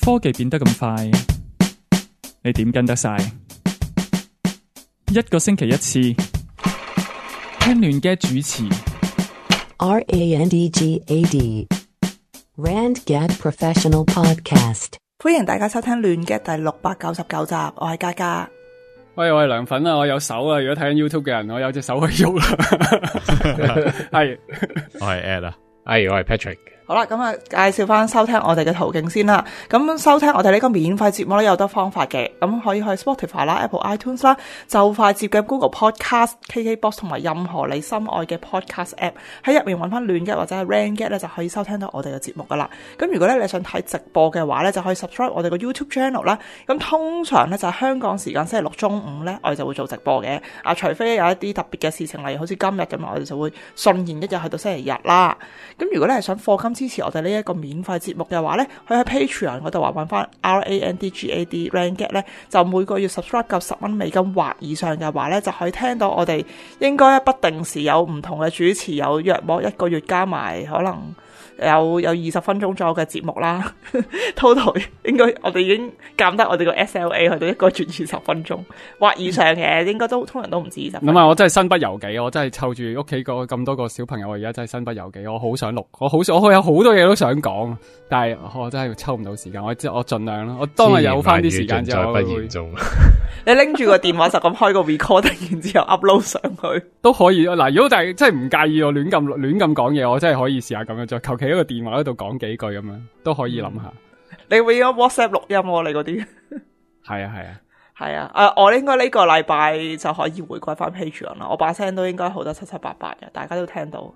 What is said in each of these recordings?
科技變得咁快，你點跟得晒？一個星期一次，聽亂嘅主持，R A N D G A D Rand Gad Professional Podcast，歡迎大家收聽亂嘅第六百九十九集，我係嘉嘉，喂我係良粉啊，我有手啊，如果睇緊 YouTube 嘅人，我有隻手去喐啦，係我係 e d i 係我係 Patrick。好啦，咁啊，介紹翻收聽我哋嘅途徑先啦。咁收聽我哋呢個免費節目咧，有好多方法嘅。咁可以去 Spotify 啦、Apple iTunes 啦、就快接嘅 Google Podcast、KKBox 同埋任何你心愛嘅 Podcast app，喺入面揾翻亂 get 或者係 random get 咧，就可以收聽到我哋嘅節目噶啦。咁如果咧你想睇直播嘅話咧，就可以 subscribe 我哋個 YouTube channel 啦。咁通常咧就係香港時間星期六中午咧，我哋就會做直播嘅。啊，除非有一啲特別嘅事情，例如好似今日咁，我哋就會順延一日去到星期日啦。咁如果咧係想課金，支持我哋呢一個免費節目嘅話呢，佢喺 Patreon 嗰度話揾翻 R A N D G A D r a n g e t 咧，就每個月 subscribe 夠十蚊美金或以上嘅話呢，就可以聽到我哋應該不定時有唔同嘅主持，有約莫一個月加埋可能。有有二十分鐘左右嘅節目啦 ，total 應該我哋已經減得我哋個 SLA 去到一個月二十分鐘，哇以上嘅 應該都通常都唔止十。咁啊，我真係身不由己，我真係湊住屋企咁多個小朋友，我而家真係身不由己，我好想錄，我好想我有好多嘢都想講，但係我真係抽唔到時間，我即我盡量啦。我當係有翻啲時間就會,會。 你拎住個電話就咁開個 record， 然之後 upload 上去都可以。嗱，如果但係真係唔介意我亂咁亂咁講嘢，我真係可以試下咁樣再。喺個電話嗰度講幾句咁樣都可以諗下 。你會用 WhatsApp 錄音喎？你嗰啲係啊係啊係啊。誒、 啊啊啊，我應該呢個禮拜就可以回歸翻 Patreon 啦。我把聲都應該好得七七八八嘅，大家都聽到。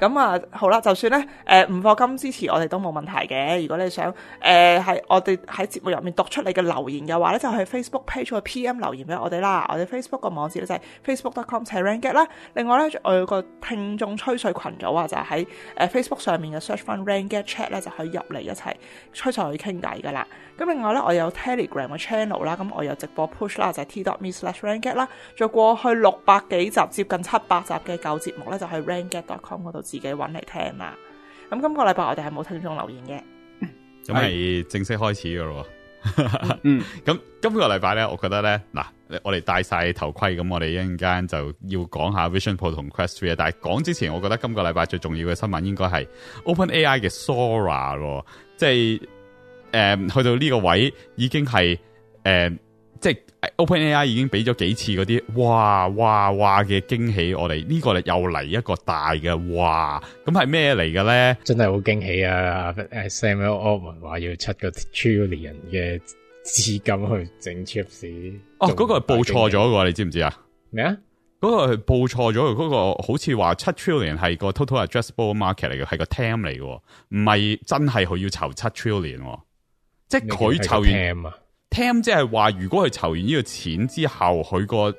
咁啊，好啦，就算咧，誒唔課金支持我哋都冇問題嘅。如果你想，誒、呃、係我哋喺節目入面讀出你嘅留言嘅話咧，就喺 Facebook page 嘅 PM 留言俾我哋啦。我哋 Facebook 個網址咧就係 facebook.com/ranggad 啦。另外咧，我有個聽眾吹水群組啊，就喺、是、Facebook 上面嘅 search 翻 ranggad chat 咧，就可以入嚟一齊吹水去傾偈噶啦。咁另外咧，我有 Telegram 嘅 channel 啦，咁我有直播 push 啦，就係 t.me/rangad 啦。再過去六百幾集，接近七百集嘅舊節目咧，就係 rangad.com 嗰度自己揾嚟聽啦。咁今個禮拜我哋係冇聽眾留言嘅，咁係正，正式開始噶咯。咁、 嗯嗯、今個禮拜咧，我覺得咧，嗱，我哋戴晒頭盔，咁我哋一陣間就要講下 Vision Pro 同 Quest 3。但係講之前，我覺得今個禮拜最重要嘅新聞應該係 Open AI 嘅 Sora 咯，即係。誒、嗯，去到呢個位已經係誒、嗯，即係 Open AI 已經俾咗幾次嗰啲哇哇哇嘅驚喜，我哋呢個又嚟一個大嘅哇！咁係咩嚟嘅咧？真係好驚喜啊！Sam Altman 話要出七個 trillion 嘅資金去整 chips。哦，嗰、哦那個係報錯咗嘅，你知唔知麼、那個、啊？咩啊？嗰個係報錯咗，嗰個好似話七 trillion 係個 total addressable market 嚟嘅，係個 team 嚟嘅，唔係真係佢要籌七 trillion。即係佢籌完，TAM 即係話，如果佢籌完呢個錢之後，佢個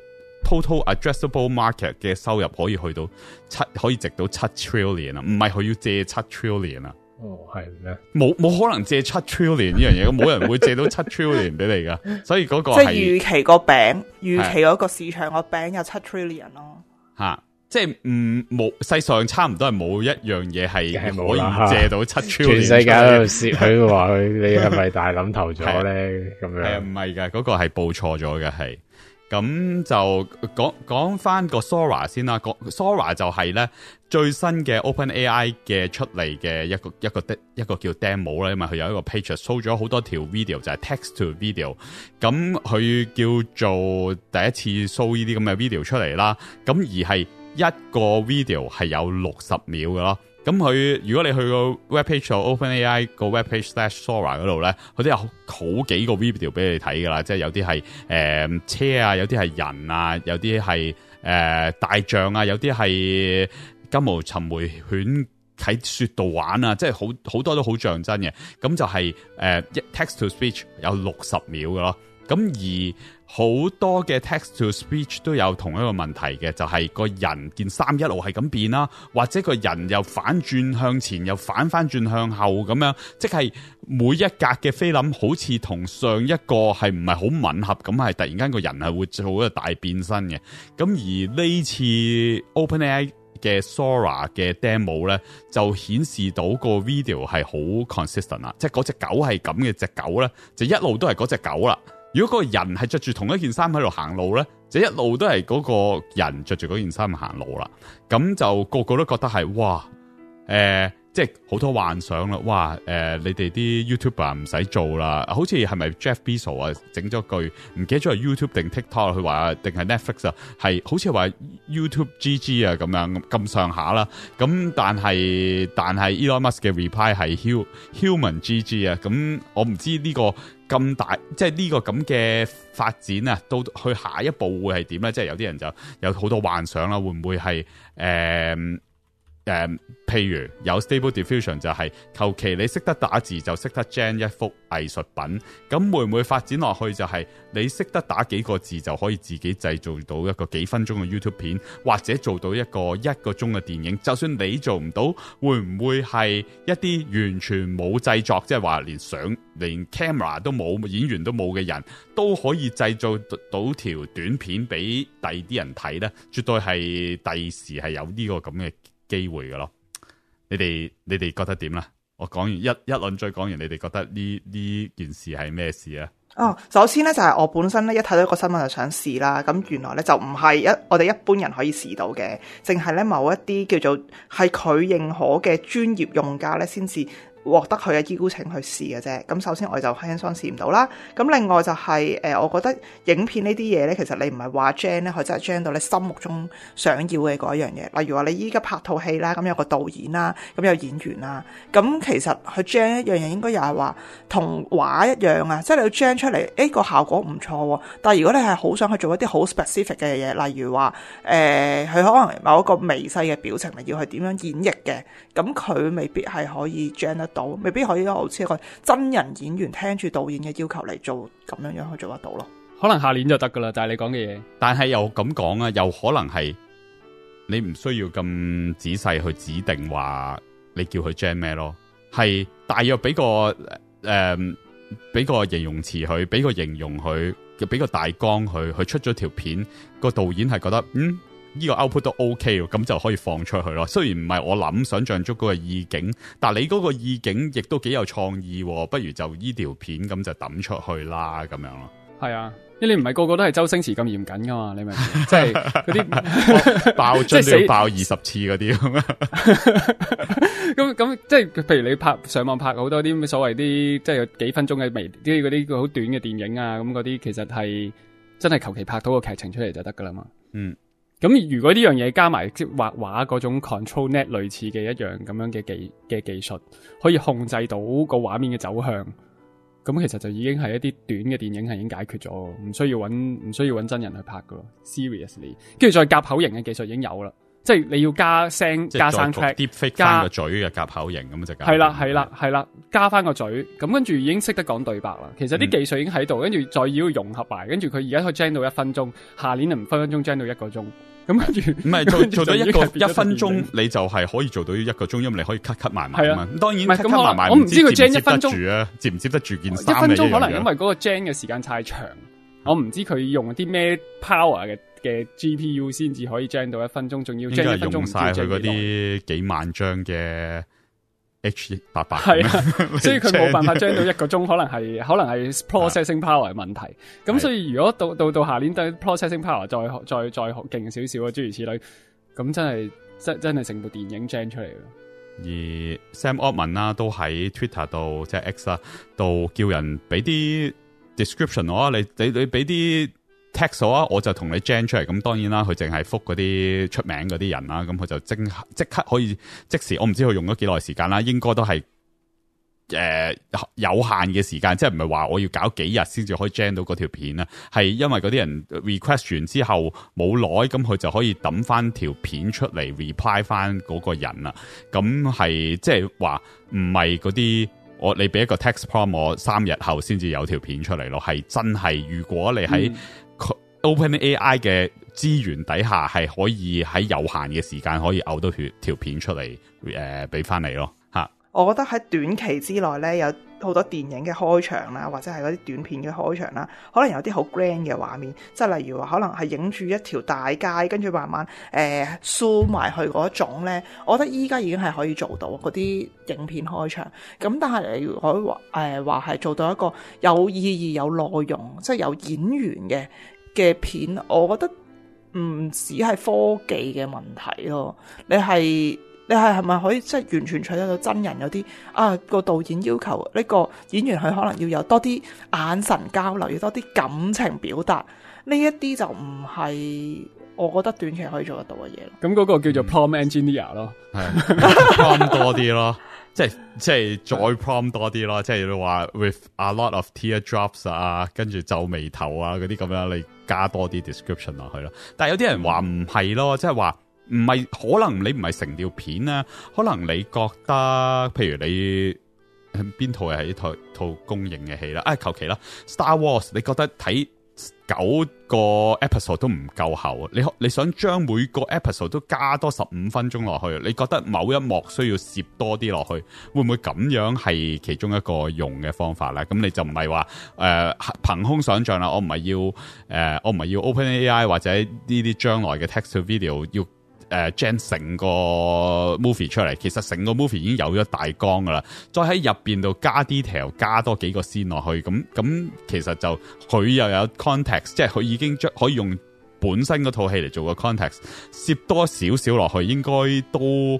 total addressable market 嘅收入可以去到七，可以值到七 trillion 啦。唔係佢要借七 trillion 啦。哦，係咩，冇冇可能借七 trillion 呢樣嘢？冇 人會借到七 trillion 俾你噶。所以嗰個即係預期個餅，預期嗰個市場個餅是有七 trillion 咯、哦。吓。即係唔冇，世上差唔多係冇一樣嘢係可以借到七千，啊。全世界都笑佢話佢你係咪大諗頭咗咧？咁 樣係唔係噶，嗰、那個係報錯咗嘅係。咁就講講翻個 Sora 先啦。Sora 就係咧最新嘅 OpenAI 嘅出嚟嘅一個一個一個叫 Demo 啦，因為佢有一個 page show 咗好多條 video 就係 text to video。咁佢叫做第一次 show 呢啲咁嘅 video 出嚟啦。咁而係。一個 video 係有六十秒嘅咯，咁佢如果你去個 web page 有 OpenAI 個 web page slash Sora 嗰度咧，佢都有好，好幾個 video 俾你睇㗎啦，即係有啲係誒車啊，有啲係人啊，有啲係誒大象啊，有啲係金毛尋回犬喺雪度玩啊，即係好好多都好像真嘅，咁就係、是、誒、呃、text to speech 有六十秒嘅咯，咁而。好多嘅 text to speech 都有同一個問題嘅，就係個人件衫一路係咁變啦，或者個人又反轉向前，又反翻轉向後咁樣，即係每一格嘅菲林好似同上一個係唔係好吻合咁，係突然間個人係會做一個大變身嘅。咁而呢次 OpenAI 嘅 Sora 嘅 demo 咧，就顯示到個 video 係好 consistent 啦，即係嗰隻狗係咁嘅隻狗咧，就一路都係嗰隻狗啦。如果個人係着住同一件衫喺度行路咧，就一路都係嗰個人着住嗰件衫行路啦。咁就個個都覺得係哇，誒、呃，即係好多幻想啦。哇，誒、呃，你哋啲 YouTuber 唔使做啦，好似係咪 Jeff Bezos 啊，整咗句唔記得咗係 YouTube 定 TikTok 佢話定係 Netflix 啊，係、啊啊、好似話 YouTube GG 啊咁樣咁上下啦。咁但係但係 Elon Musk 嘅 reply 係 human GG 啊，咁、e 啊、我唔知呢、呢個。咁大，即係呢個咁嘅發展啊，到去下一步會係點咧？即係有啲人就有好多幻想啦，會唔會係誒？誒、嗯，譬如有 stable diffusion 就係求其你識得打字就識得 gen 一幅藝術品。咁會唔會發展落去就係你識得打幾個字就可以自己製造到一個幾分鐘嘅 YouTube 片，或者做到一個一個鐘嘅電影？就算你做唔到，會唔會係一啲完全冇製作，即係話連相連 camera 都冇，演員都冇嘅人都可以製造到條短片俾第啲人睇咧？絕對係第時係有呢個咁嘅。機會嘅咯，你哋你哋覺得點啦？我講完一一輪再講完，你哋覺得呢呢件事係咩事啊？哦，首先咧就係、是、我本身咧一睇到個新聞就想試啦，咁原來咧就唔係一我哋一般人可以試到嘅，淨係咧某一啲叫做係佢認可嘅專業用家咧先至獲得佢嘅邀請去試嘅啫。咁首先我就 hands on 試唔到啦。咁另外就係、是呃、我覺得影片呢啲嘢咧，其實你唔係話 gen 咧，佢真係 gen 到你心目中想要嘅嗰一樣嘢。例如話你依家拍套戲啦，咁有個導演啦，咁有演員啦，咁其實佢 gen 一樣嘢應該又係話同畫一樣啊。即係你要 gen 出嚟，誒、哎這個效果唔錯喎。但如果你係好想去做一啲好 specific 嘅嘢，例如話誒，佢、呃、可能某一個微細嘅表情，咪要去點樣演繹嘅，咁佢未必係可以 gen 得。到未必可以，好似一個真人演員聽住導演嘅要求嚟做咁樣樣，去做得到咯。可能下年就得噶啦，就係、講但係你講嘅嘢。但係又咁講啊，又可能係你唔需要咁仔細去指定話，你叫佢 JAM」咩咯？係大約俾個誒，俾、呃、個形容詞佢，俾個形容佢，又俾個大綱佢，佢出咗條片，個導演係覺得嗯。.呢個 output 都 OK 咯，咁就可以放出去咯。雖然唔係我諗想象中嗰個意境，但係你嗰個意境亦都幾有創意。不如就呢條片咁就抌出去啦，咁樣咯。係啊，因為你唔係個個都係周星馳咁嚴謹噶嘛，你明？即係嗰啲爆樽要爆二十次嗰啲咁咁咁即係，譬如你拍上網拍好多啲所謂啲，即係有幾分鐘嘅微，即嗰啲好短嘅電影啊，咁嗰啲其實係真係求其拍到個劇情出嚟就得噶啦嘛。嗯。咁如果呢樣嘢加埋即畫畫嗰種 control net 類似嘅一樣咁樣嘅技嘅技術，可以控制到個畫面嘅走向，咁其實就已經係一啲短嘅電影係已經解決咗，唔需要搵唔需要搵真人去拍噶咯。Seriously，跟住再夾口型嘅技術已經有啦，即係你要加聲是加聲 soundtrack 加個嘴嘅夾口型咁就係啦係啦係啦,啦,啦，加翻個嘴，咁跟住已經識得講對白啦。其實啲技術已經喺度，嗯、跟住再要融合埋，跟住佢而家可以 gen 到一分鐘，下年就唔分分鐘 gen 到一個鐘。咁，唔係做做到一個一分鐘，你就係可以做到一個鐘，因為你可以 cut cut 埋埋。係啊，當然 cut cut 埋埋。我唔知佢 gen 一分鐘，接唔接得住啊？接唔接得住件衫？一分鐘可能因為嗰個 gen 嘅時間太長，我唔知佢用啲咩 power 嘅嘅 GPU 先至可以 gen 到一分鐘，仲要 gen 得中。應該係用晒佢啲幾萬張嘅。H 八八係啊， 所以佢冇辦法將到一個鐘， 可能係可能係 processing power 嘅問題。咁、啊、所以如果到、啊、到到下年對 processing power 再再再勁少少啊，諸如此類，咁真係真真係成部電影張出嚟咯。而 Sam Altman 啦、啊，都喺 Twitter 度即係、就是、X 啦、啊，度叫人俾啲 description，我、啊、你你你俾啲。text 我啊，我就同你 gen 出嚟，咁當然啦，佢淨係覆嗰啲出名嗰啲人啦，咁佢就即即刻可以即時，我唔知佢用咗幾耐時間啦，應該都係誒、呃、有限嘅時間，即係唔係話我要搞幾日先至可以 gen 到嗰條片啊，係因為嗰啲人 request 完之後冇耐，咁佢就可以揼翻條片出嚟 reply 翻嗰個人啦，咁係即係話唔係嗰啲我你俾一個 text prompt 我三日後先至有條片出嚟咯，係真係如果你喺 Open AI 嘅資源底下係可以喺有限嘅時間可以嘔到血條片出嚟，誒俾翻你咯吓。我覺得喺短期之內咧，有好多電影嘅開場啦，或者係嗰啲短片嘅開場啦，可能有啲好 grand 嘅畫面，即係例如話可能係影住一條大街，跟住慢慢誒掃埋去嗰種咧。我覺得依家已經係可以做到嗰啲影片開場咁，但係可以誒話係做到一個有意義、有內容，即係有演員嘅嘅片，我覺得唔止係科技嘅問題咯。你係你係係咪可以即係完全取得到真人嗰啲啊？個導演要求呢個演員，佢可能要有多啲眼神交流，要多啲感情表達。呢一啲就唔係我覺得短期可以做得到嘅嘢咯。咁嗰個叫做 prompt engineer 咯，係 prompt 多啲咯。即係即係再 prom 多啲咯，即係你話 with a lot of tear drops 啊，跟住皺眉頭啊嗰啲咁樣，你加多啲 description 落去咯。但係有啲人話唔係咯，即係話唔係可能你唔係成條片啊。可能你覺得譬如你邊套係一套一套，一套公認嘅戲啦，啊求其啦 Star Wars，你覺得睇？九個 episode 都唔夠喉，你你想將每個 episode 都加多十五分鐘落去，你覺得某一幕需要攝多啲落去，會唔會咁樣係其中一個用嘅方法咧？咁你就唔係話誒憑空想象啦，我唔係要誒、呃、我唔係要 Open AI 或者呢啲將來嘅 text to video 要。誒，將成、uh, 個 movie 出嚟，其實成個 movie 已經有咗大綱噶啦，再喺入邊度加 detail，加多幾個 scene 落去，咁咁其實就佢又有 context，即係佢已經將可以用本身嗰套戲嚟做個 context，攝多少少落去，應該都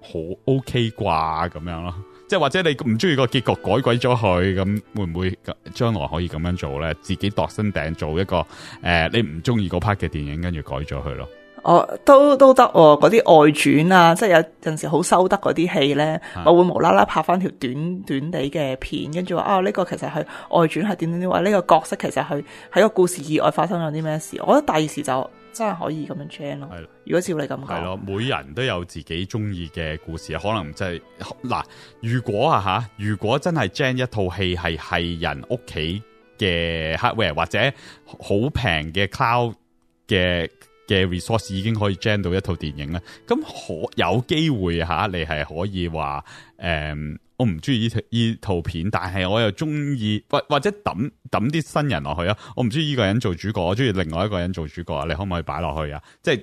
好 OK 啩，咁樣咯。即係或者你唔中意個結局改鬼咗佢，咁會唔會將來可以咁樣做咧？自己度身訂做一個誒、呃，你唔中意嗰 part 嘅電影，跟住改咗佢咯。哦，都都得喎，哦，嗰啲外傳啊，即係有陣時好收得嗰啲戲咧，我的會無啦啦拍翻條短短地嘅片，跟住話啊，呢個其實係外傳係點點點，話呢、呢個角色其實係喺個故事以外發生咗啲咩事，我覺得第二時就真係可以咁樣 gen 咯。係的如果照你咁講，係咯，每人都有自己中意嘅故事，可能即係嗱，如果啊吓，如果真係 gen 一套戲係係人屋企嘅 hardware 或者好平嘅 cloud 嘅嘅 resource 已經可以 jam 到一套電影啦，咁可有機會吓，你係可以話，誒、嗯，我唔中意呢呢套片，但係我又中意，或或者抌抌啲新人落去啊，我唔中意呢個人做主角，我中意另外一個人做主角啊，你可唔可以擺落去啊？即係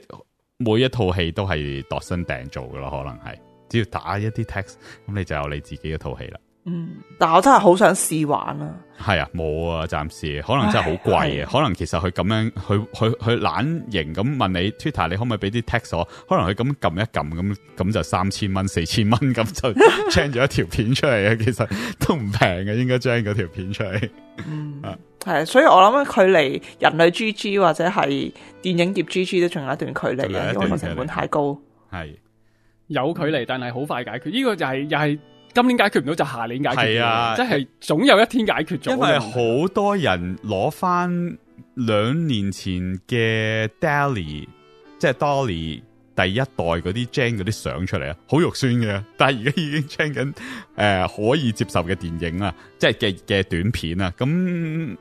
每一套戲都係度身訂做噶咯，可能係只要打一啲 text，咁你就有你自己一套戲啦。嗯，但係我真係好想試玩啊！係啊，冇啊，暫時可能真係好貴啊。可能其實佢咁樣，佢佢佢懶型咁問你 Twitter，你可唔可以俾啲 text 我？可能佢咁撳一撳咁，咁就三千蚊、四千蚊咁就 charge 咗一條片出嚟啊！其實都唔平嘅，應該 charge 嗰條片出嚟。嗯，係，所以我諗距離人類 GG 或者係電影業 GG 都仲有一段距離啊，因為成本太高。係有距離，但係好快解決。呢、這個就係又係。今年解決唔到就下年解決，係啊，即係總有一天解決咗。因為好多人攞翻兩年前嘅 Dolly 即係 Dolly 第一代嗰啲 gen 嗰啲相出嚟啊，好肉酸嘅。但係而家已經 check 緊誒可以接受嘅電影啊，即係嘅嘅短片啊，咁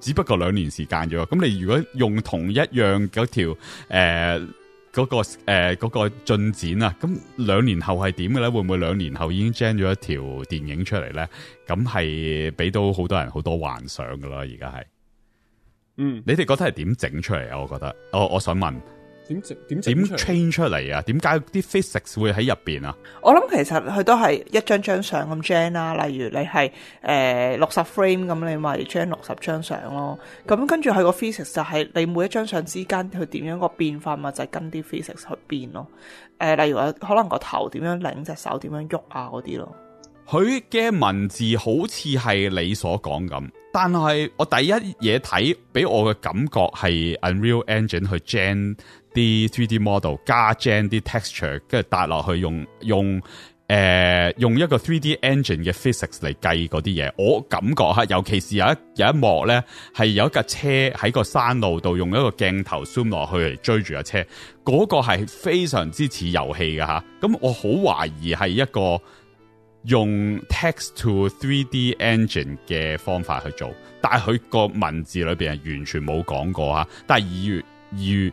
只不過兩年時間啫。咁你如果用同一樣嗰條誒。呃嗰、嗰個誒，嗰、呃嗰個進展啊，咁兩年後係點嘅咧？會唔會兩年後已經 gen 咗一條電影出嚟咧？咁係俾到好多人好多幻想噶啦，而家係，嗯，你哋覺得係點整出嚟啊？我覺得，哦我想問。點點點 change 出嚟啊？點解啲 physics 會喺入邊啊？我諗其實佢都係一張張相咁 gen 啦，啊，例如你係誒六十 frame 咁，呃、60 fps, 你咪 gen 六十張相咯。咁跟住佢個 physics 就係你每一張相之間佢點樣個變化嘛，就係跟啲 physics 去變咯。誒、呃，例如可能個頭點樣擰，隻手點樣喐啊，嗰啲咯。佢嘅文字好似係你所講咁，但係我第一嘢睇俾我嘅感覺係 Unreal Engine 去 gen。啲 three D model 加 gen 啲 texture，跟住搭落去用用誒、呃、用一個 three D engine 嘅 physics 嚟計嗰啲嘢。我感覺吓，尤其是有一有一幕咧，係有一架車喺個山路度用一個鏡頭 zoom 落去嚟追住架車，嗰、那個係非常之似遊戲噶吓。咁我好懷疑係一個用 text to three D engine 嘅方法去做，但係佢個文字裏邊係完全冇講過吓。但係二月二月。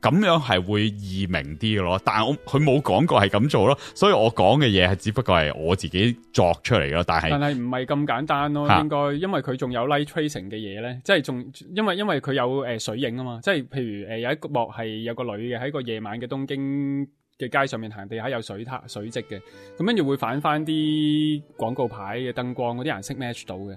咁樣係會易明啲嘅咯，但係我佢冇講過係咁做咯，所以我講嘅嘢係只不過係我自己作出嚟嘅，但係但係唔係咁簡單咯，應該因為佢仲有 light tracing 嘅嘢咧，即係仲因為因為佢有誒水影啊嘛，即係譬如誒有一個幕係有個女嘅喺個夜晚嘅東京嘅街上面行，地下有水灘水漬嘅，咁跟住會反翻啲廣告牌嘅燈光嗰啲顏色 match 到嘅。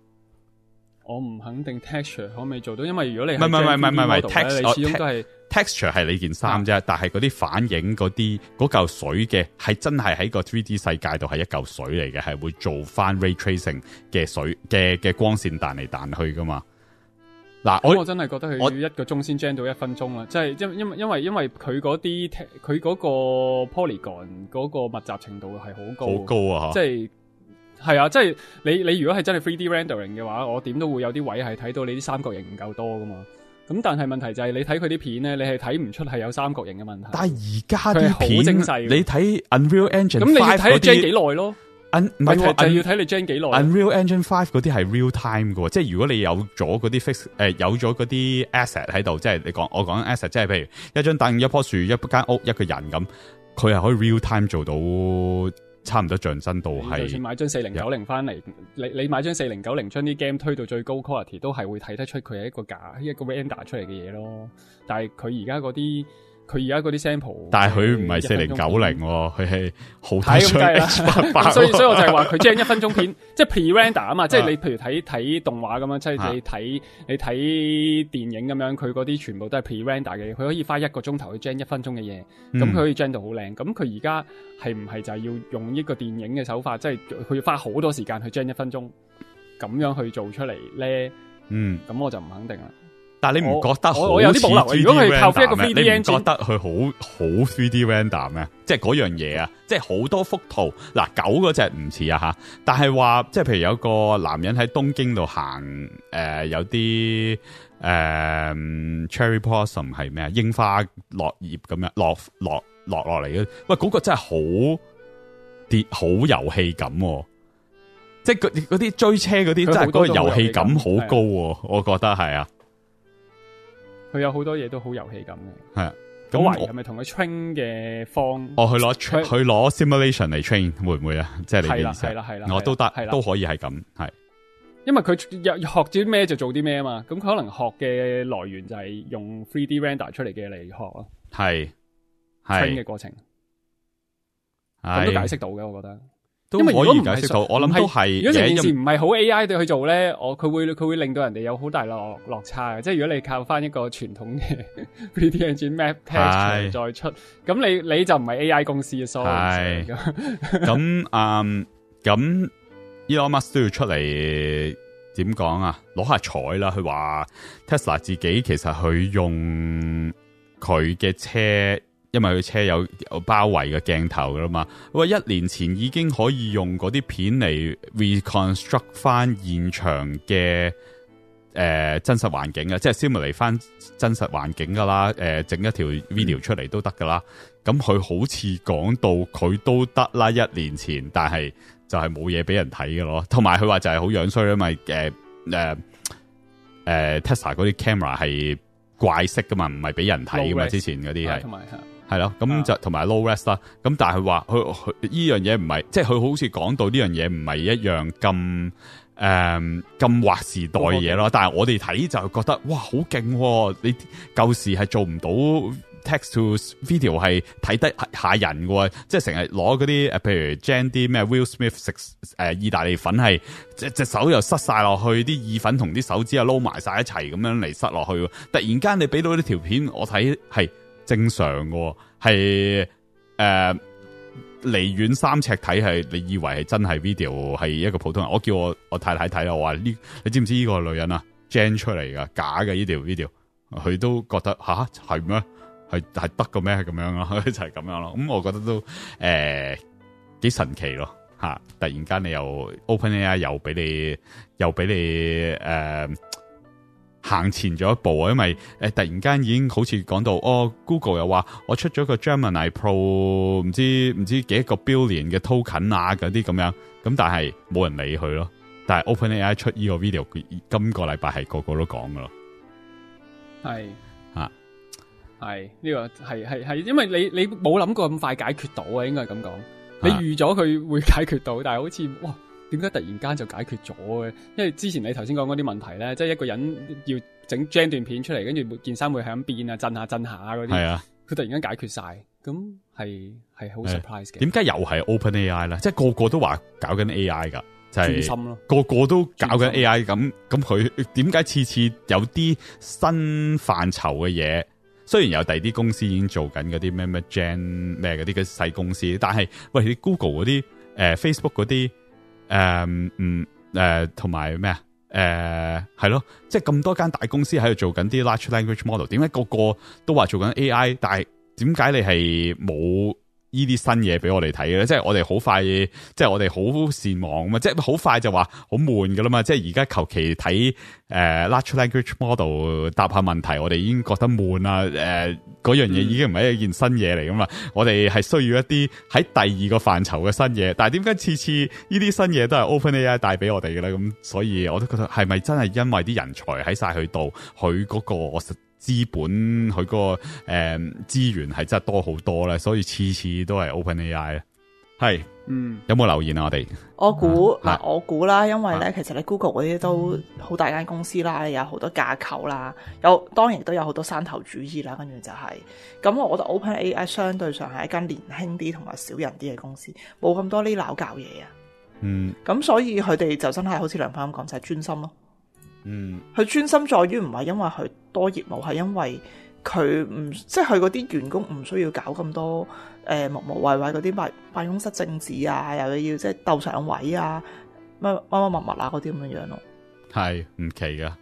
我唔肯定 texture 可唔可以做到，因為如果你唔係唔係唔係唔係唔係，始終都係 texture 係你件衫啫，uh, 但係嗰啲反映嗰啲嗰嚿水嘅係真係喺個 three D 世界度係一嚿水嚟嘅，係會做翻 ray tracing 嘅水嘅嘅光線彈嚟彈去噶嘛。嗱、啊，我我真係我我覺得佢要一個鐘先 gen 到一分鐘啦，即係因因因為因為佢嗰啲佢嗰個 polygon 嗰個密集程度係好高好高啊，即係，就是。係啊，即係你你如果係真係 3D rendering 嘅話，我點都會有啲位係睇到你啲三角形唔夠多噶嘛。咁但係問題就係你睇佢啲片咧，你係睇唔出係有三角形嘅問題。但係而家啲片好精細，你睇 Unreal Engine 咁你要睇你 gen 幾耐咯？唔係就要睇你 gen 幾耐？Unreal Engine Five 嗰啲係 real time 噶，即係如果你有咗嗰啲 fix，誒、呃、有咗嗰啲 asset 喺度，即係你講我講緊 asset，即係譬如一張凳、一棵樹、一間屋、一個人咁，佢係可以 real time 做到。差唔多像真度係，就算買張四零九零翻嚟，你你買張四零九零將啲 game 推到最高 quality 都係會睇得出佢係一個假，一個 render 出嚟嘅嘢咯。但係佢而家嗰啲。佢而家嗰啲 sample，但係佢唔係四零九零，佢係、哦、好太咁，所以所以我就係話佢 gen 一分鐘片， 即係 pre-render 啊嘛，即係你譬如睇睇動畫咁樣，即係你睇你睇電影咁樣，佢嗰啲全部都係 pre-render 嘅，佢可以花一個鐘頭去 gen 一分鐘嘅嘢，咁佢、啊、可以 gen 到好靚，咁佢而家係唔係就係要用一個電影嘅手法，即係佢要花好多時間去 gen 一分鐘，咁樣去做出嚟咧？嗯、啊，咁我就唔肯定啦。但你唔覺得好似 3D render 咩？你覺得佢好好 3D render 咩？即係嗰樣嘢啊！即係好多幅圖嗱、啊，狗嗰隻唔似啊吓，但係話即係譬如有個男人喺東京度行誒，有啲誒、呃嗯、cherry possum 係咩啊？櫻花落葉咁樣落落落落嚟嘅，喂嗰個真係好啲好遊戲感，即係嗰啲追車嗰啲真係嗰個遊戲感好高、啊，的我覺得係啊。佢有好多嘢都好遊戲咁嘅，係啊，咁係咪同佢 train 嘅方？我、哦、去攞 train，去攞 simulation 嚟 train 會唔會啊？即係你意思係啦，係啦、啊，啦、啊，啊、我都得，都可以係咁，係、啊。啊、因為佢學咗啲咩就做啲咩啊嘛，咁佢可能學嘅來源就係用 3D render 出嚟嘅嚟學咯，係，train 嘅過程，咁是都解釋到嘅，我覺得。都可以解釋到，我諗都係。如果成件事唔係好 A I 去去做咧，為我佢會佢會令到人哋有好大落落差嘅。即係如果你靠翻一個傳統嘅 3D engine map 是出再出，咁你你就唔係 A I 公司嘅。咁咁嗯，咁 Elon Musk 都要出嚟點講啊？攞下彩啦！佢話 Tesla 自己其實佢用佢嘅車。因為佢車有有包圍嘅鏡頭噶啦嘛，喂，一年前已經可以用嗰啲片嚟 reconstruct 翻現場嘅，誒、呃、真實環境嘅，即係 simulate 翻真實環境噶啦，誒、呃、整一條 video 出嚟都得噶啦。咁佢、嗯、好似講到佢都得啦，一年前，但係就係冇嘢俾人睇嘅咯。同埋佢話就係好樣衰，因為誒誒誒 Tesla 嗰啲 camera 係怪色噶嘛，唔係俾人睇噶嘛，No race. 之前嗰啲係。係咯，咁就同埋 low rest 啦。咁但係話佢佢呢樣嘢唔係，即係佢好似講到呢樣嘢唔係一樣咁誒，咁劃時代嘅嘢咯。但係我哋睇就覺得哇好勁！你舊時係做唔到 text to video 係睇得吓人喎。」即係成日攞嗰啲誒，譬如 Jan D 咩 Will Smith 食誒意大利粉係，即隻隻手又塞晒落去啲意粉同啲手指啊撈埋晒一齊咁樣嚟塞落去。突然間你俾到呢條片，我睇係。正常嘅係誒，離遠、呃、三尺睇係，你以為係真係 video 係一個普通人。我叫我我太太睇啦，我話呢，你知唔知呢個女人啊 gen 出嚟噶假嘅呢條 video，佢都覺得吓係咩？係、啊、係得個咩？係咁樣咯， 就係咁樣咯。咁、嗯、我覺得都誒幾、呃、神奇咯吓、啊！突然間你又 Open AI，又俾你又俾你誒。呃行前咗一步啊，因為誒、呃、突然間已經好似講到，哦 Google 又話我出咗個 Gemini Pro，唔知唔知幾多個 billion 嘅 token 啊嗰啲咁樣，咁但係冇人理佢咯。但係 OpenAI 出呢個 video，今個禮拜係個個都講噶咯。係是啊，係呢、呢個係係係，因為你你冇諗過咁快解決到啊，應該係咁講。啊、你預咗佢會解決到，但係好似哇。點解突然間就解決咗嘅？因為之前你頭先講嗰啲問題咧，即係一個人要整 gen 段片出嚟，跟住件衫會係咁變啊，震下震下嗰啲。係啊，佢突然間解決晒，咁係係好 surprise 嘅。點解又係 Open AI 啦？即係個個都話搞緊 AI 噶，專心咯，個個都搞緊 AI 咁咁佢點解次次有啲新範疇嘅嘢？雖然有第二啲公司已經做緊嗰啲咩咩 gen 咩嗰啲嘅細公司，但係喂，你 Google 嗰啲，誒 Facebook 嗰啲。誒、嗯、誒，同埋咩啊，誒，係咯，即係咁多間大公司喺度做緊啲 large language model，點解個個都話做緊 AI？但係點解你係冇？依啲新嘢俾我哋睇咧，即係我哋好快，即係我哋好善忘，咁嘛即係好快就話好悶噶啦嘛！即係而家求其睇誒，large language model 答下問題，我哋已經覺得悶啦。誒、呃，嗰樣嘢已經唔係一件新嘢嚟噶嘛！我哋係需要一啲喺第二個範疇嘅新嘢，但係點解次次依啲新嘢都係 OpenAI 帶俾我哋嘅咧？咁，所以我都覺得係咪真係因為啲人才喺晒佢度，佢嗰個？資本佢個誒資源係真係多好多咧，所以次次都係 Open AI 啊，係、hey,，嗯，有冇留言啊？我哋我估嗱，我估啦，因為咧，其實你 Google 嗰啲、啊、都好大間公司啦，有好多架構啦，嗯、有當然都有好多山頭主義啦，跟住就係、是、咁，我覺得 Open AI 相對上係一間年輕啲同埋少人啲嘅公司，冇咁多呢啲鬧交嘢啊，嗯，咁所以佢哋就真係好似涼粉咁講就係、是、專心咯。嗯，佢專心在於唔係因為佢多業務，係因為佢唔即係佢嗰啲員工唔需要搞咁多誒，無無謂謂嗰啲辦辦公室政治啊，又要即係鬥上位啊，乜乜乜物物啊嗰啲咁嘅樣咯，係唔奇噶。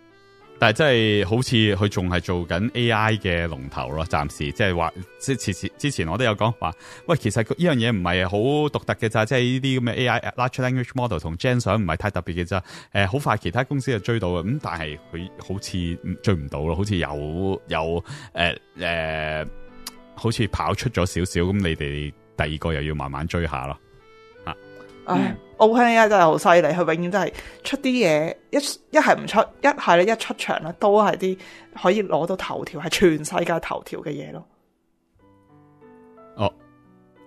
但係真係好似佢仲係做緊 A.I. 嘅龍頭咯，暫時即係話即係之前我都有講話喂，其實呢樣嘢唔係好獨特嘅咋，即係呢啲咁嘅 A.I. large language model 同 Gemini 唔係太特別嘅咋，誒，好快其他公司就追到嘅，咁，但係佢好似追唔到咯，好似有有誒誒、呃呃，好似跑出咗少少咁，你哋第二個又要慢慢追下咯。唉 OK 啊真係好犀利，佢永遠真係出啲嘢，一一係唔出，一係咧一出場啦都係啲可以攞到頭條，係全世界頭條嘅嘢咯。哦，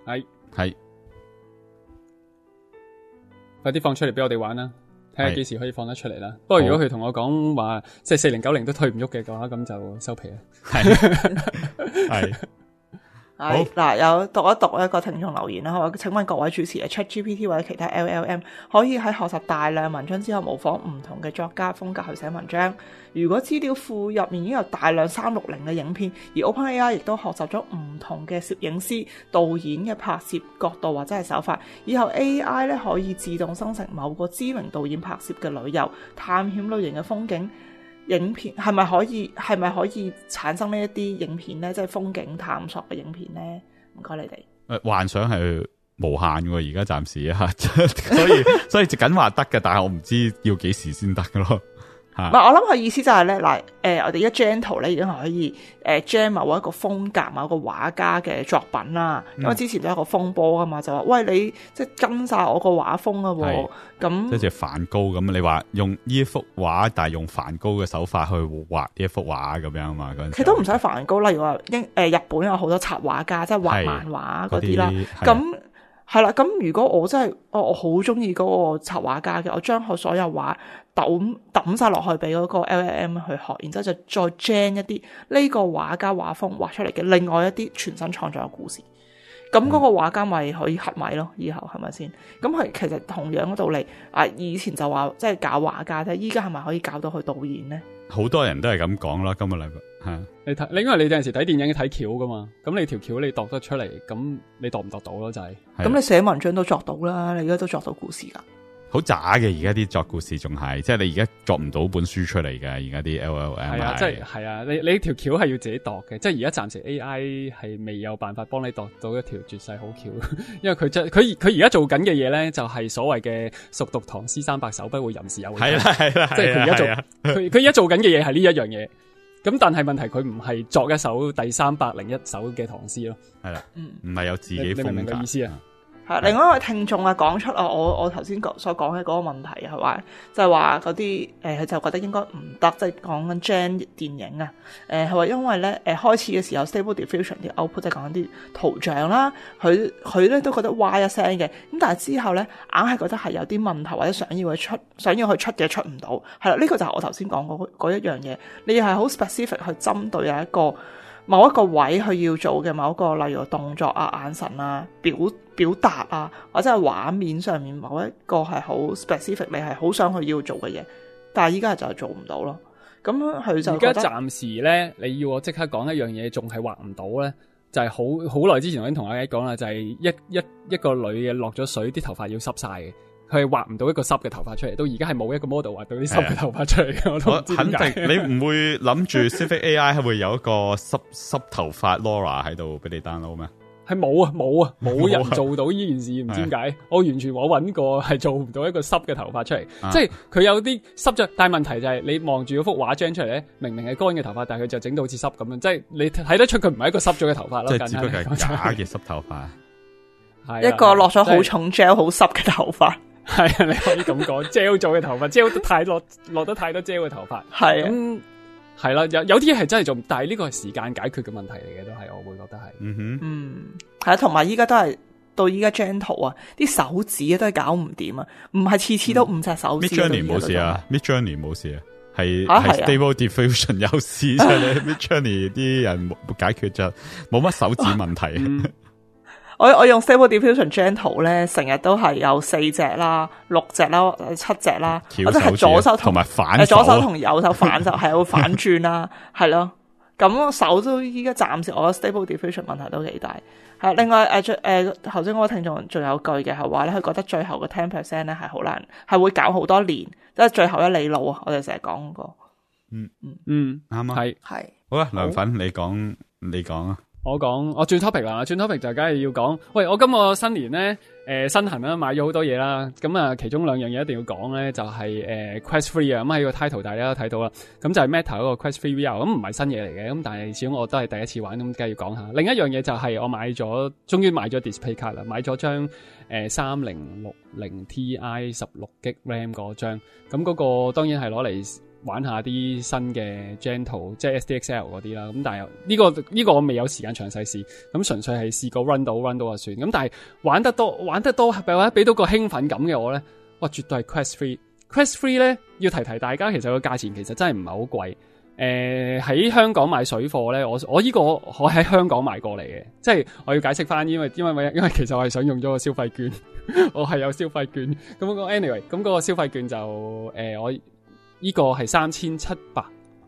係係，是快啲放出嚟俾我哋玩啦，睇下幾時可以放得出嚟啦。是不過如果佢同我講話即係四零九零都退唔喐嘅話，咁就收皮啦。係，係。係，嗱有好讀一讀一個聽眾留言啦。我請問各位主持，Chat GPT 或者其他 LLM 可以喺學習大量文章之後，模仿唔同嘅作家風格去寫文章？如果資料庫入面已經有大量三六零嘅影片，而 Open AI 亦都學習咗唔同嘅攝影師、導演嘅拍攝角度或者係手法，以後 AI 咧可以自動生成某個知名導演拍攝嘅旅遊、探險類型嘅風景。影片係咪可以係，咪可以產生呢一啲影片咧，即係風景探索嘅影片咧？唔該你哋，誒，幻想係無限嘅，而家暫時啊， 所以所以直緊話得嘅，但係我唔知要幾時先得嘅咯。啊、我諗佢意思就係咧嗱，誒、呃，我哋一 gentle 咧已經可以誒 jam 某一個風格，某一個畫家嘅作品啦。嗯、因為之前都有個風波噶嘛，就話喂，你即係跟晒我個畫風啊？咁是那即係梵高咁你話用呢一幅畫，但係用梵高嘅手法去畫呢一幅畫咁樣啊嘛？佢都唔使梵高，例如話英誒日本有好多插畫家，即係畫漫畫嗰啲啦。咁係啦，咁那的如果我真係我我好中意嗰個插畫家嘅，我將佢所有畫，抌抌晒落去俾嗰個 L L M 去學，然之後就再 gen 一啲呢個畫家畫風畫出嚟嘅另外一啲全新創作嘅故事。咁嗰個畫家咪可以合埋咯？嗯、以後係咪先？咁係其實同樣嘅道理。啊，以前就話即係搞畫家啫，依家係咪可以搞到佢導演呢？好多人都係咁講啦，今日禮拜吓，你睇你因為你陣時睇電影睇橋噶嘛，咁你條橋你度得出嚟，咁你度唔度到咯？就係咁你寫文章都作到啦，你而家都作到故事噶。好渣嘅，而家啲作故事仲係，即係你而家作唔到本書出嚟嘅。而家啲 L L M 係啊，即係係啊，你你條橋係要自己度嘅，即係而家暫時 A I 係未有辦法幫你度到一條絕世好橋，因為佢即佢佢而家做緊嘅嘢咧，就係所謂嘅熟讀唐詩三百首不會吟時有係啦啦，啊啊啊、即係佢而家做佢而家做緊嘅嘢係呢一樣嘢。咁但係問題佢唔係作一首第三百零一首嘅唐詩咯，係啦、啊，唔係有自己你明唔明個意思啊？係，另外一位聽眾啊，講出啊，我我頭先講所講嘅嗰個問題啊，係就係話嗰啲誒，佢、呃、就覺得應該唔得，即係講緊 Gen 電影啊。誒係話因為咧，誒、呃、開始嘅時候 Stable Diffusion 啲 output 即係講啲圖像啦，佢佢咧都覺得哇一聲嘅，咁但係之後咧，硬係覺得係有啲問題，或者想要佢出想要佢出嘅出唔到。係啦，呢、這個就係我頭先講嗰一樣嘢，你係好 specific 去針對有一個。某一個位佢要做嘅某一個，例如動作啊、眼神啊、表表達啊，或者係畫面上面某一個係好 specific，你係好想去要做嘅嘢，但係依家就係做唔到咯。咁佢就而家暫時咧，你要我即刻講一樣嘢，仲係畫唔到咧，就係好好耐之前我已經同阿偉講啦，就係、是、一一一個女嘅落咗水，啲頭髮要濕晒嘅。佢係畫唔到一個濕嘅頭髮出嚟，到而家係冇一個 model 畫到啲濕嘅頭髮出嚟，我都唔知點解。肯定你唔會諗住 Civitai 係會有一個濕濕頭髮 LoRA 喺度俾你 download 咩？係冇啊，冇啊，冇人做到呢件事，唔知點解。我完全我搵過係做唔到一個濕嘅頭髮出嚟，即係佢有啲濕咗，但係問題就係你望住嗰幅畫張出嚟咧，明明係乾嘅頭髮，但係佢就整到好似濕咁樣，即係你睇得出佢唔係一個濕咗嘅頭髮咯。即係只不過係假嘅濕頭髮，係一個落咗好重 gel 好濕嘅頭髮。係啊，你可以咁講，gel 咗嘅頭髮，gel 得太落，落得太多 gel 嘅頭髮，係啊，係啦，有有啲嘢係真係做，但係呢個係時間解決嘅問題嚟嘅，都係我會覺得係，嗯哼，嗯，係啦，同埋依家都係到依家 gentle 啊，啲手指啊都係搞唔掂啊，唔係次次都五隻手指 Midjourney 冇事啊 Midjourney 冇事啊，係係 stable diffusion 有事 Midjourney 啲人解決就冇乜手指問題。我我用 stable diffusion gentle 咧，成日都係有四隻啦、六隻啦、七隻啦，或者係左手同埋反，啊、左手同右手反就係 會反轉啦，係咯。咁手都依家暫時，我 stable diffusion 問題都幾大。係另外誒，最誒頭先個聽眾仲有句嘅係話咧，佢覺得最後嘅 ten percent 咧係好難，係會搞好多年，即係最後一里路啊。我哋成日講個，嗯嗯嗯，啱啊，係係好啦，涼粉的你講你講啊。我講我轉 topic 啦，轉、哦、topic 就梗係要講，喂我今個新年咧誒、呃、身痕啦、啊，買咗好多嘢啦，咁、嗯、啊其中兩樣嘢一定要講咧就係、是、誒、呃、Quest 3啊、嗯，咁喺個 title 大家都睇到啦，咁、嗯、就係、是、Meta 嗰個 Quest 3 VR，咁唔係新嘢嚟嘅，咁、嗯、但係始終我都係第一次玩，咁梗係要講下。另一樣嘢就係我買咗，終於買咗 display 卡啦，買咗張誒三零六零 Ti 十六 G RAM 嗰張，咁、嗯、嗰、那個當然係攞嚟。玩下啲新嘅 gentle 即係 SDXL 嗰啲啦，咁但係呢、呢個呢、呢個我未有時間詳細試，咁純粹係試過 run 到 run 到就算。咁但係玩得多玩得多，或者俾到個興奮感嘅我咧，哇，絕對係 Quest 3。Quest 3咧要提提大家，其實個價錢其實真係唔係好貴。誒、呃，喺香港買水貨咧，我我呢個我喺香港買過嚟嘅，即係我要解釋翻，因為因為因為其實我係想用咗 個消費券、呃，我係有消費券。咁個 anyway，咁嗰個消費券就誒我。呢個係三千七百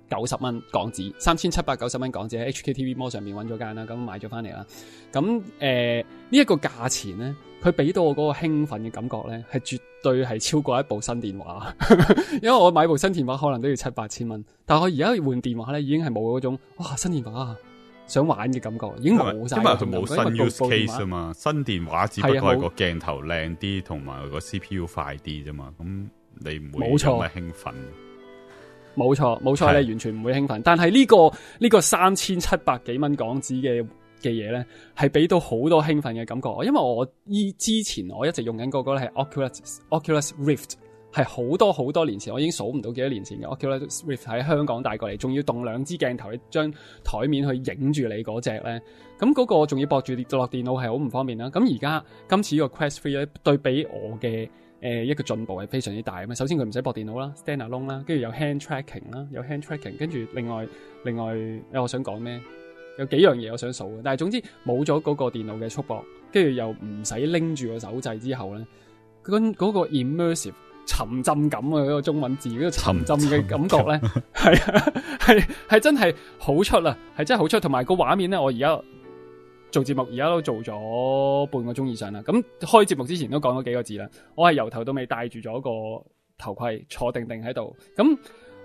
九十蚊港紙，三千七百九十蚊港紙喺 HKTV Mall 上面揾咗間啦，咁買咗翻嚟啦。咁誒呢一個價錢咧，佢俾到我嗰個興奮嘅感覺咧，係絕對係超過一部新電話。 因為我買部新電話可能都要七八千蚊，但係我而家換電話咧，已經係冇嗰種哇新電話想玩嘅感覺，已經冇晒。因為佢冇新 use case 嘛，新電話只不過係個鏡頭靚啲同埋個 CPU 快啲啫嘛。咁你唔會冇錯興奮。冇錯，冇錯你完全唔會興奮。是的但係呢、這個呢、這個三千七百幾蚊港紙嘅嘅嘢呢，係俾到好多興奮嘅感覺。因為我依之前我一直用緊嗰個係 Oculus Rift，係好多好多年前我已經數唔到幾多年前嘅 Oculus Rift 喺香港帶過嚟，仲要動兩支鏡頭喺張台面去影住你嗰隻呢。咁嗰個仲要駁住落電腦係好唔方便啦。咁而家今次這個3呢個 Quest 3，r e e 對比我嘅。誒一個進步係非常之大咁啊！首先佢唔使駁電腦啦，standalone 啦，跟住有 hand tracking 啦，有 hand tracking，跟住另外另外誒，我想講咩？有幾樣嘢我想數嘅，但係總之冇咗嗰個電腦嘅束縛，跟住又唔使拎住個手掣之後咧，嗰、嗰個 immersive 沉浸感啊！嗰個中文字嗰、嗰個沉浸嘅感覺咧，係啊，係係真係好出啦，係真係好出，同埋個畫面咧，我而家，做節目而家都做咗半個鐘以上啦，咁開節目之前都講咗幾個字啦。我係由頭到尾戴住咗個頭盔，坐定定喺度。咁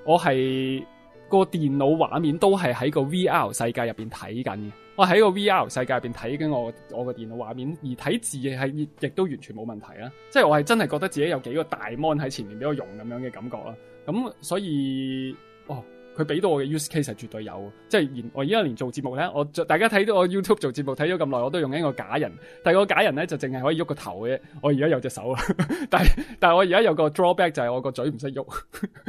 我係個電腦畫面都係喺個 VR 世界入邊睇緊嘅。我喺個 VR 世界入邊睇緊我的我個電腦畫面，而睇字係亦都完全冇問題啦。即係我係真係覺得自己有幾個大 mon 喺前面俾我用咁樣嘅感覺啦。咁所以。佢俾到我嘅 use case 係絕對有，即係我而家連做節目咧，我大家睇到我 YouTube 做節目睇咗咁耐，我都用緊個假人。但個假人咧就淨係可以喐個頭嘅。我而家有隻手， 但但係我而家有個 drawback 就係我個嘴唔識喐。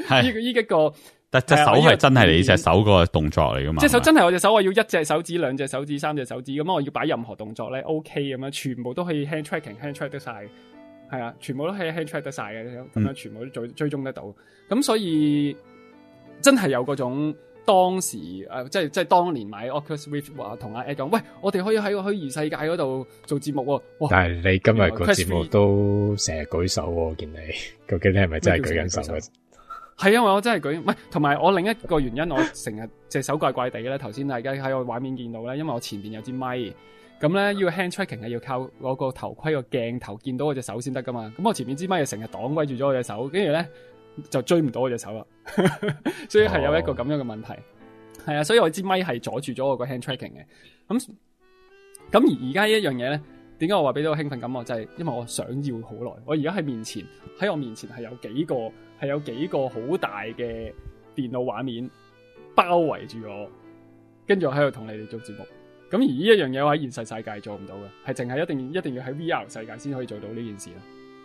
呢依是、 呢個，但隻手係真係你隻手個動作嚟噶嘛？隻手真係我隻手，是是我要一隻手指、兩隻手指、三隻手指咁我要擺任何動作咧，OK 咁樣，全部都可以 hand tracking hand track 得晒，係啊，全部都可以 hand track 得晒嘅，咁樣全部都追追蹤得到。咁所以。真係有嗰種當時誒、呃，即係即係當年買 Oculus Rift 話同阿 Ed 講，喂，我哋可以喺個虛擬世界嗰度做節目喎、啊。但係你今日個節目都成日舉手喎、啊，見你究竟你係咪真係舉緊手？係因為我真係舉，唔係，同埋我另一個原因，我成日隻手怪怪地咧。頭先大家喺我畫面見到咧，因為我前邊有支咪。咁咧要 hand tracking 係要靠我個頭盔個鏡頭見到我隻手先得噶嘛。咁我前面支咪就成日擋鬼住咗我隻手，跟住咧。就追唔到我隻手啦， 所以係有一個咁樣嘅問題，係啊、oh.，所以我支咪係阻住咗我個 hand tracking 嘅。咁咁而而家一樣嘢咧，點解我話俾到興奮感我就係因為我想要好耐，我而家喺面前，喺我面前係有幾個，係有幾個好大嘅電腦畫面包圍住我，跟住我喺度同你哋做節目。咁而呢一樣嘢我喺現實世界做唔到嘅，係淨係一定一定要喺 VR 世界先可以做到呢件事啦。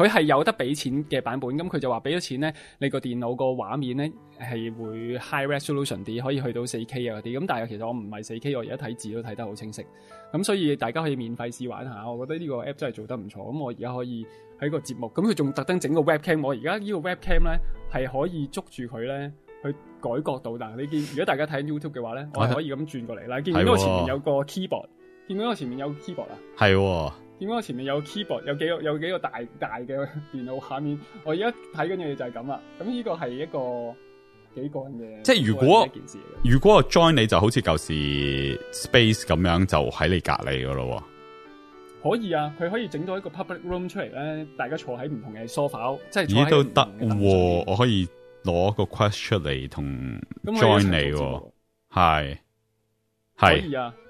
佢係有得俾錢嘅版本，咁佢就話俾咗錢咧，你個電腦個畫面咧係會 high resolution 啲，可以去到四 K 啊嗰啲。咁但係其實我唔係四 K，我而家睇字都睇得好清晰。咁所以大家可以免費試玩一下，我覺得呢個 app 真係做得唔錯。咁我而家可以喺個節目，咁佢仲特登整個 webcam we。我而家呢個 webcam 咧係可以捉住佢咧，去改角度。但係，啊，你見如果大家睇 YouTube 嘅話咧，我，我係可以咁轉過嚟啦。的見到我前面有個 keyboard，的見到見唔見我前面有 keyboard 啊？係。點解我前面有 keyboard 有幾個有幾個大大嘅電腦下面？我而家睇緊嘢就係咁啦。咁呢個係一個幾個人嘅，即係如果件事如果我 join 你就好似舊時 space 咁樣，就喺你隔離嘅咯喎。可以啊，佢可以整到一個 public room 出嚟咧，大家坐喺唔同嘅 sofa，即係咦都得喎、哦，我可以攞個 Quest 出嚟同 join 你喎，係係啊。是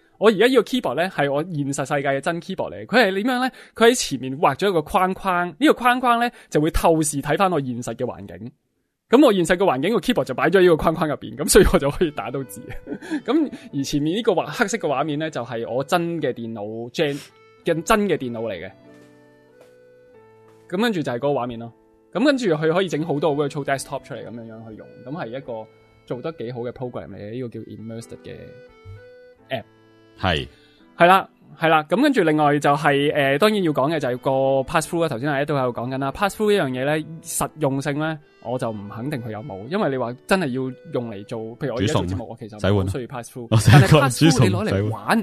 我而家呢個 keyboard 咧係我現實世界嘅真 keyboard 嚟，佢係點樣咧？佢喺前面畫咗一個框框，呢、這個框框咧就會透視睇返我現實嘅環境。咁我現實嘅環境，這個 keyboard 就擺咗呢個框框入邊，咁所以我就可以打到字。咁 而前面呢個畫黑色嘅畫面咧就係、是、我真嘅電腦真嘅真嘅電腦嚟嘅。咁跟住就係嗰個畫面咯。咁跟住佢可以整好多 virtual desktop 出嚟咁樣樣去用，咁係一個做得幾好嘅 program 嚟嘅。呢、這個叫 immersed 嘅 app。係，係啦是，係啦，咁跟住另外就係、是、誒、呃，當然要講嘅就係個 pass through 啊，頭先係喺度喺度講緊啦。pass through 呢樣嘢咧，實用性咧，我就唔肯定佢有冇，因為你話真係要用嚟做，譬如我而家做節目，乖乖，我其實唔需要 pass through，但係 pass through 你攞嚟玩，乖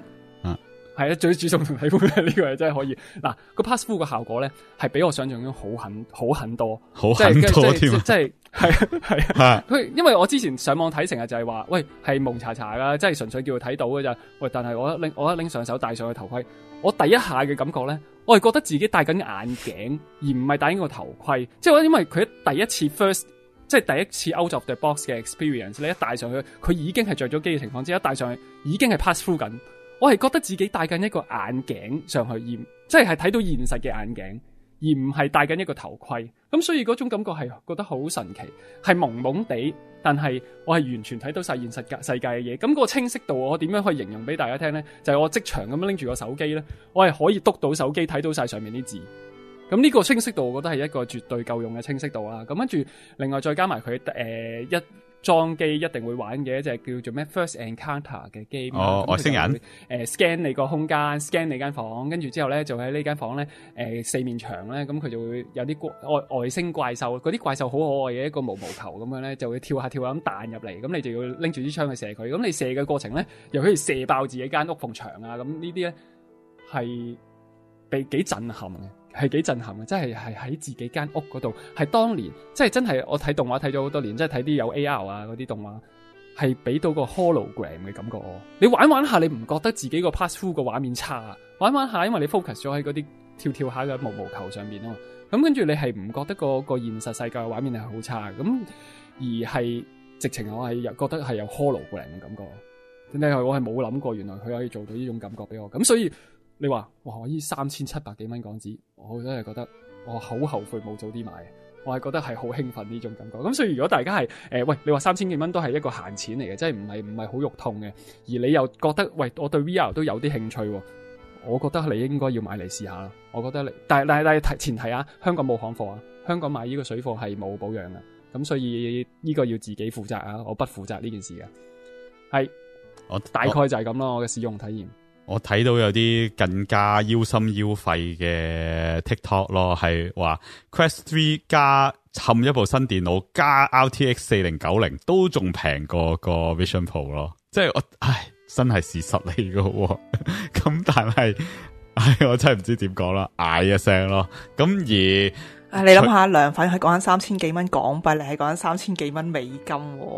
乖啊，係啦，最主重同喜歡呢個係真係可以。嗱，個 pass through 個效果咧，係比我想象中好很，好很多，好很多添。係啊係啊，佢 因為我之前上網睇成日就係話，喂，係蒙查查㗎，即係純粹叫佢睇到噶咋。喂，但係我一拎我一拎上手戴上去頭盔，我第一下嘅感覺咧，我係覺得自己戴緊眼鏡，而唔係戴緊個頭盔。即係因為佢第一次 first，即係第一次 out of the box 嘅 experience 咧，一戴上去，佢已經係着咗機嘅情況之下，戴上去已經係 pass through 緊。我係覺得自己戴緊一個眼鏡上去，驗即係係睇到現實嘅眼鏡。而唔係戴緊一個頭盔，咁所以嗰種感覺係覺得好神奇，係朦朦地，但係我係完全睇到晒現實世界嘅嘢。咁、嗰個清晰度，我點樣可以形容俾大家聽呢？就係、是、我即場咁樣拎住個手機呢，我係可以督到手機睇到晒上面啲字。咁呢個清晰度，我覺得係一個絕對夠用嘅清晰度啊！咁跟住另外再加埋佢誒一。裝機一定會玩嘅，就係叫做咩 First Encounter 嘅 game，咁佢會誒 scan 你個空間，scan 你間房，跟住之後咧就喺呢間房咧，誒四面牆咧，咁佢就會有啲外外星怪獸，嗰啲怪獸好可愛嘅，一個毛毛球咁樣咧，就會跳下跳下咁彈入嚟，咁你就要拎住支槍去射佢，咁你射嘅過程咧，又可以射爆自己間屋縫牆啊，咁呢啲咧係被幾震撼嘅。係幾震撼嘅，真係係喺自己間屋嗰度，係當年，即係真係我睇動畫睇咗好多年，即係睇啲有 AR 啊嗰啲動畫，係俾到個 hologram 嘅感覺。你玩玩下，你唔覺得自己個 pass through 個畫面差啊？玩玩下，因為你 focus 咗喺嗰啲跳跳下嘅毛毛球上面啊嘛。咁跟住你係唔覺得、那個個現實世界嘅畫面係好差？咁而係直情我係覺得係有 hologram 嘅感覺。真咧我係冇諗過，原來佢可以做到呢種感覺俾我。咁所以。你話哇，呢三千七百幾蚊港紙，我真係覺得我好後悔冇早啲買。我係覺得係好興奮呢種感覺。咁所以如果大家係、呃、喂，你話三千幾蚊都係一個閒錢嚟嘅，真係唔係唔係好肉痛嘅。而你又覺得喂，我對 VR 都有啲興趣，我覺得你應該要買嚟試下啦。我覺得你但係但，但前提啊，香港冇行貨啊，香港買呢個水貨係冇保養嘅。咁所以呢個要自己負責啊，我不負責呢件事嘅。係，我大概就係咁咯，我嘅使用體驗。我睇到有啲更加腰心腰肺嘅 TikTok 咯，係話 Quest 3加冚一部新電腦加 RTX 四零九零都仲平過個 Vision Pro 咯，即係我唉真係事實嚟噶，咁但係唉我真係唔知點講啦，嗌一聲咯，咁而。啊、你諗下梁粉係講緊三千幾蚊港幣，你係講緊三千幾蚊美金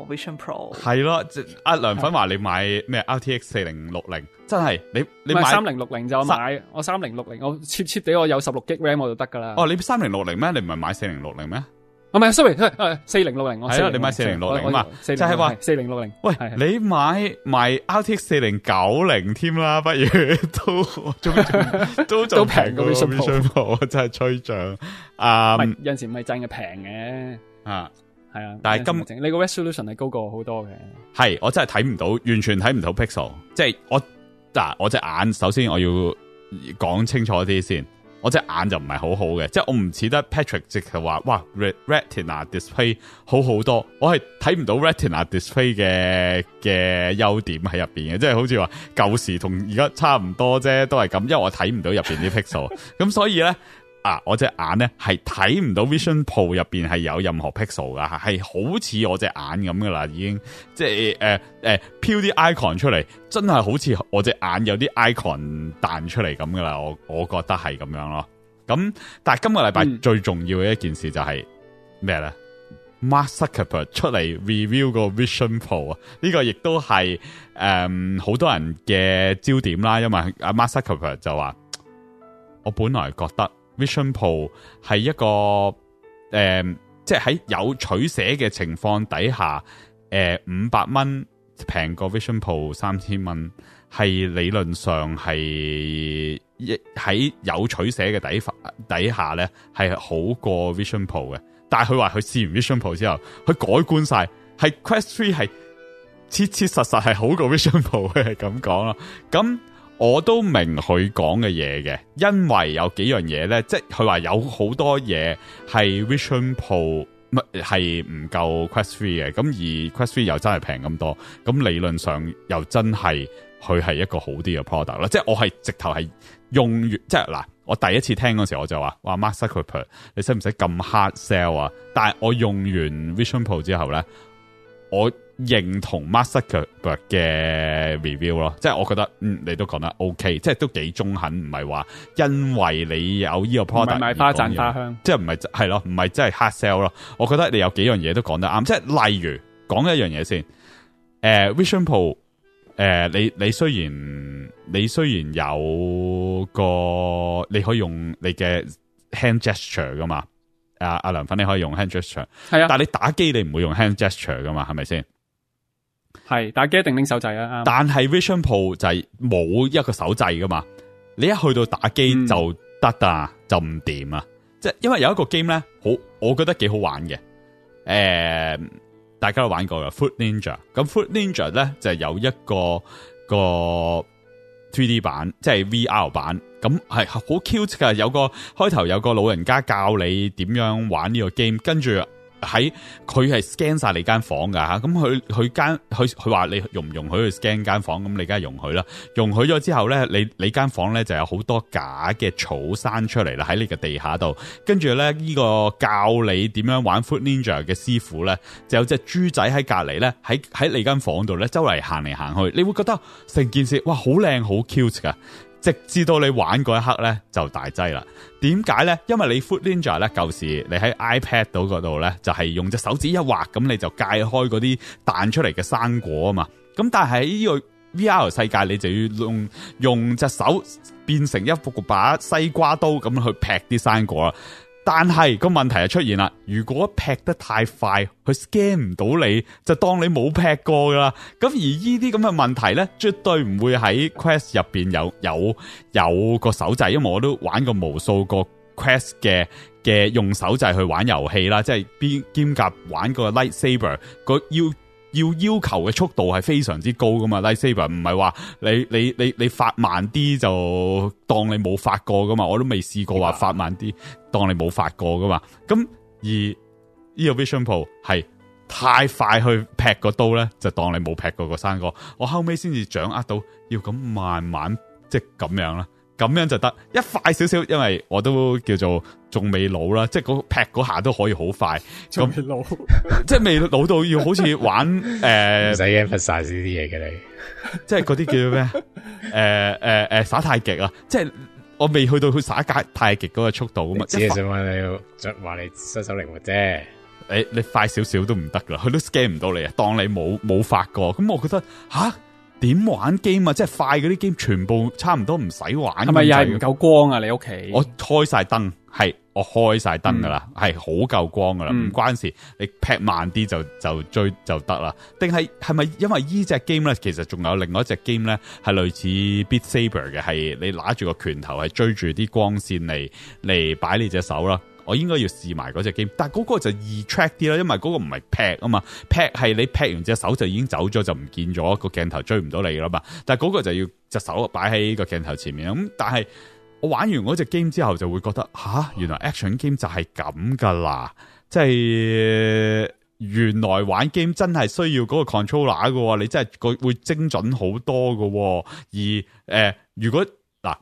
Vision Pro。係咯，阿梁粉話你買咩 RTX 四零六零，真係你你買，買三零六零就買我三零六零，我切切地我有十六 G RAM 我就得噶啦。哦，你三零六零咩？你唔係買四零六零咩？唔係，sorry，四零六零我，係啦，你買四零六零啊，就係話四零六零。喂，你買埋 RTX 四零九零添啦，不如都都都平過我真係吹漲。啊，有陣時唔係真嘅平嘅啊，係啊。但係今你個 resolution 係高過好多嘅。係，我真係睇唔到，完全睇唔到 pixel，即係我嗱，我隻眼首先我要講清楚啲先。我隻眼就唔係好好嘅，即係我唔似得 Patrick 直係話，哇 retina display 好好多，我係睇唔到 retina display 嘅嘅優點喺入邊嘅，即係好似話舊時同而家差唔多啫，都係咁，因為我睇唔到入面啲 pixel，咁 所以咧。啊！我隻眼咧係睇唔到 Vision Pro 入邊係有任何 pixel 噶，係好似我隻眼咁噶啦，已經即係誒誒飄啲 icon 出嚟，真係好似我隻眼有啲 icon 彈出嚟咁噶啦！我我覺得係咁樣咯。咁但係今個禮拜最重要嘅一件事就係咩咧？Mark Zuckerberg 出嚟 review 個 Vision Pro 啊！呢個亦都係誒好多人嘅焦點啦，因為阿 Mark Zuckerberg 就話我本來覺得。Vision Pro 係一個誒，即係喺有取捨嘅情況，呃、底，底下，誒五百蚊平過 Vision Pro 三千蚊，係理論上係一喺有取捨嘅底底下咧，係好過 Vision Pro 嘅。但係佢話佢試完 Vision Pro 之後，佢改觀晒，係 Quest 3係切切實實係好過 Vision Pro 嘅，咁講囉，咁。我都明佢講嘅嘢嘅，因為有幾樣嘢咧，即係佢話有好多嘢係 vision pro 唔係唔夠 quest three 嘅，咁而 quest three 又真係平咁多，咁理論上又真係佢係一個好啲嘅 product 啦，即係我係直頭係用完，即係嗱，我第一次聽嗰時我就話，哇，Mark Zuckerberg，你使唔使咁 hard sell 啊？但係我用完 vision pro 之後咧，我。認同 Master 嘅 review 咯，即係我覺得，嗯，你都講得 OK，即係都幾中肯，唔係話因為你有呢個 product 即係唔係，係咯，唔係真係 hard sell 咯。我覺得你有幾樣嘢都講得啱，即係例如講一樣嘢先，誒、呃、Vision Pro、呃，誒你你雖然你雖然有個你可以用你嘅 hand gesture 噶嘛，啊阿梁粉你可以用 hand gesture，係啊，但你打機你唔會用 hand gesture 噶嘛，係咪先？係打機一定拎手掣啊！但係 Vision Pro 就係冇一個手掣噶嘛，你一去到打機就得啊，嗯、就唔掂啊！即係因為有一個 game 咧，好我覺得幾好玩嘅，誒、嗯，大家都玩過嘅 Fruit Ninja, Ninja。咁 Fruit Ninja 咧就有一個一個 3D 版，即、就、係、是、VR 版，咁係好 cute 噶。有個開頭有個老人家教你點樣玩呢個 game，跟住。喺佢係 scan 晒你間房噶吓，咁佢佢間佢佢話你容唔容許佢 scan 間房，咁你梗係容許啦。容許咗之後咧，你你間房咧就有好多假嘅草生，生出嚟啦，喺你個地下度。跟住咧，呢、呢個教你點樣玩 foot ninja 嘅師傅咧，就有隻豬仔喺隔籬咧，喺喺你間房度咧，周圍行嚟行去，你會覺得成件事哇，好靚好 cute 噶。直至到你玩嗰一刻咧，就大劑啦。點解咧？因為你 Food Ninja 咧，舊時你喺 iPad 度嗰度咧，就係用隻手指一劃，咁你就解開嗰啲彈出嚟嘅生果啊嘛。咁但係喺呢個 VR 世界，你就要用用隻手變成一副把西瓜刀咁去劈啲生果啦。但係個問題就出現啦，如果劈得太快，佢 scan 唔到你，就當你冇劈過噶啦。咁而呢啲咁嘅問題咧，絕對唔會喺 Quest 入邊有有有個手掣，因為我都玩過無數個 Quest 嘅嘅用手掣去玩遊戲啦，即係邊兼夾玩個 light saber 個要。要要求嘅速度係非常之高噶嘛，Lightsaber，唔係話你你你你發慢啲就當你冇發過噶嘛，我都未試過話發慢啲的當你冇發過噶嘛。咁而呢、e、個 Vision Pro 係太快去劈個刀咧，就當你冇劈過個生果。我後尾先至掌握到要咁慢慢即係咁樣啦。咁樣就得一快少少，因為我都叫做仲未老啦，即係嗰劈嗰下都可以好快。仲未老，即係未老到要好似玩誒，唔使嘥呢啲嘢嘅你，即係嗰啲叫做咩？誒誒誒，耍太極啊！即係我未去到去耍一屆太極嗰個速度咁啊，即係想話你要着話你身手靈活啫。誒，你快少少都唔得噶，佢都 scan 唔到你啊，當你冇冇發過。咁我覺得吓。點玩 game 啊？即係快嗰啲 game 全部差唔多唔使玩。係咪又係唔夠光啊？你屋企？我開晒燈，係我開晒燈噶啦，係好夠光噶啦，唔關事，嗯。你劈慢啲就就追就得啦。定係係咪因為依隻 game 咧？其實仲有另外一隻 game 咧，係類似 Beat Saber 嘅，係你拿住個拳頭係追住啲光線嚟嚟擺你隻手啦。我應該要試埋嗰隻 game，但嗰個就易 track 啲啦，因為嗰個唔係劈啊嘛，劈係你劈完隻手就已經走咗，就唔見咗個鏡頭追唔到你啦嘛。但嗰個就要隻手擺喺個鏡頭前面咁。但係我玩完嗰隻 game 之後就會覺得嚇、啊，原來 action game 就係咁噶啦，即、就、係、是、原來玩 game 真係需要嗰個 controller 喎，你真係佢會精準好多喎。而、呃、如果嗱、啊、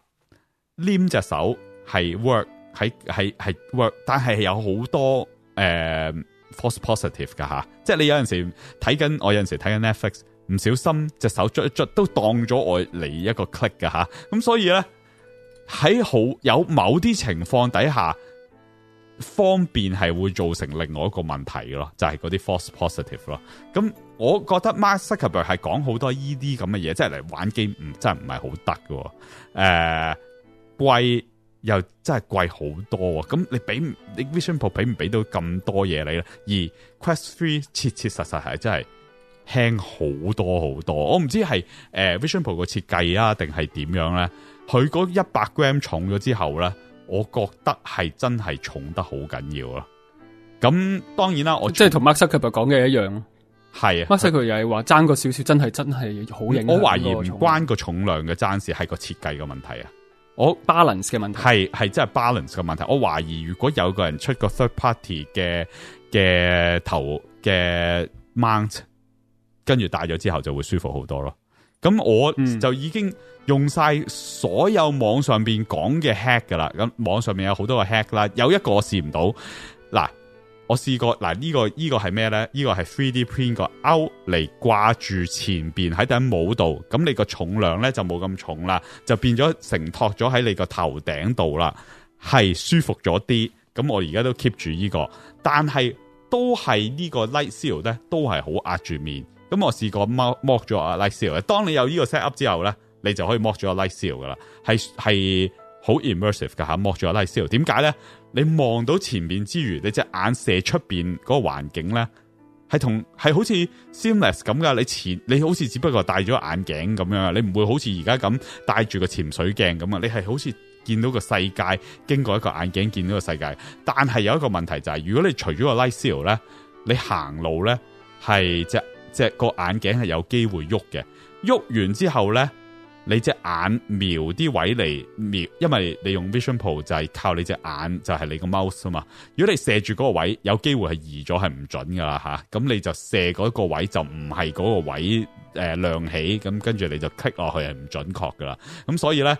黏隻手係 work。喺係係 work，但係有好多誒、呃、false positive 噶吓，即、啊、係、就是、你有陣時睇緊，我有陣時睇緊 Netflix，唔小心隻手捽一捽都當咗我嚟一個 click 噶吓，咁、啊、所以咧喺好有某啲情況底下，方便係會造成另外一個問題咯，就係、是、嗰啲 false positive 咯。咁、啊、我覺得 Mark Zuckerberg 係講好多依啲咁嘅嘢，即係嚟玩機唔真係唔係好得㗎誒貴。呃又真係貴好多啊！咁你俾你 Vision Pro 俾唔俾到咁多嘢你咧？而 Quest 3切切實實係真係輕好多好多，我唔知係誒 Vision Pro 個設計啊，定係點樣咧？佢嗰一百 gram 重咗之後咧，我覺得係真係重得好緊要啦、啊。咁當然啦，我即係同 Mark Zuckerberg 講嘅一樣咯。係，Mark Zuckerberg 又係話爭個少少真係真係好影響。我懷疑唔關個重量嘅爭事，係個設計嘅問題啊。我 balance 嘅問題係係真係 balance 嘅問題。我懷疑如果有個人出個 third party 嘅嘅頭嘅 mount，跟住戴咗之後就會舒服好多咯。咁我就已經用晒所有網上面講嘅 hack 噶啦。咁網上面有好多個 hack 啦，有一個我試唔到嗱。我試過嗱，呢個呢個、呢、呢個呢個係咩咧？呢個係 three D print 個 out 嚟掛住前邊喺頂帽度，咁你個重量咧就冇咁重啦，就變咗承托咗喺你個頭頂度啦，係舒服咗啲。咁我而家都 keep 住呢、呢個，但係都係呢個 light seal 咧，都係好壓住面。咁我試過剝剝咗阿 light seal，當你有呢個 set up 之後咧，你就可以剝咗阿 light seal 噶啦，係係好 immersive 噶吓，剝咗阿 light seal。點解咧？你望到前面之餘，你隻眼射出面嗰個環境咧，係同係好似 seamless 咁噶。你前你好似只不過戴咗眼鏡咁樣，你唔會好似而家咁戴住個潛水鏡咁啊。你係好似見到個世界經過一個眼鏡見到個世界，但係有一個問題就係、是，如果你除咗個 light seal 咧，你行路咧係隻隻個眼鏡係有機會喐嘅，喐完之後咧。你隻眼瞄啲位嚟瞄，因為你用 Vision Pro 就係靠你隻眼，就係、是、你個 mouse 啊嘛。如果你射住嗰個位，有機會係移咗係唔準噶啦吓，咁、啊、你就射嗰個位就唔係嗰個位誒亮起，咁跟住你就 click 落去係唔準確噶啦。咁所以咧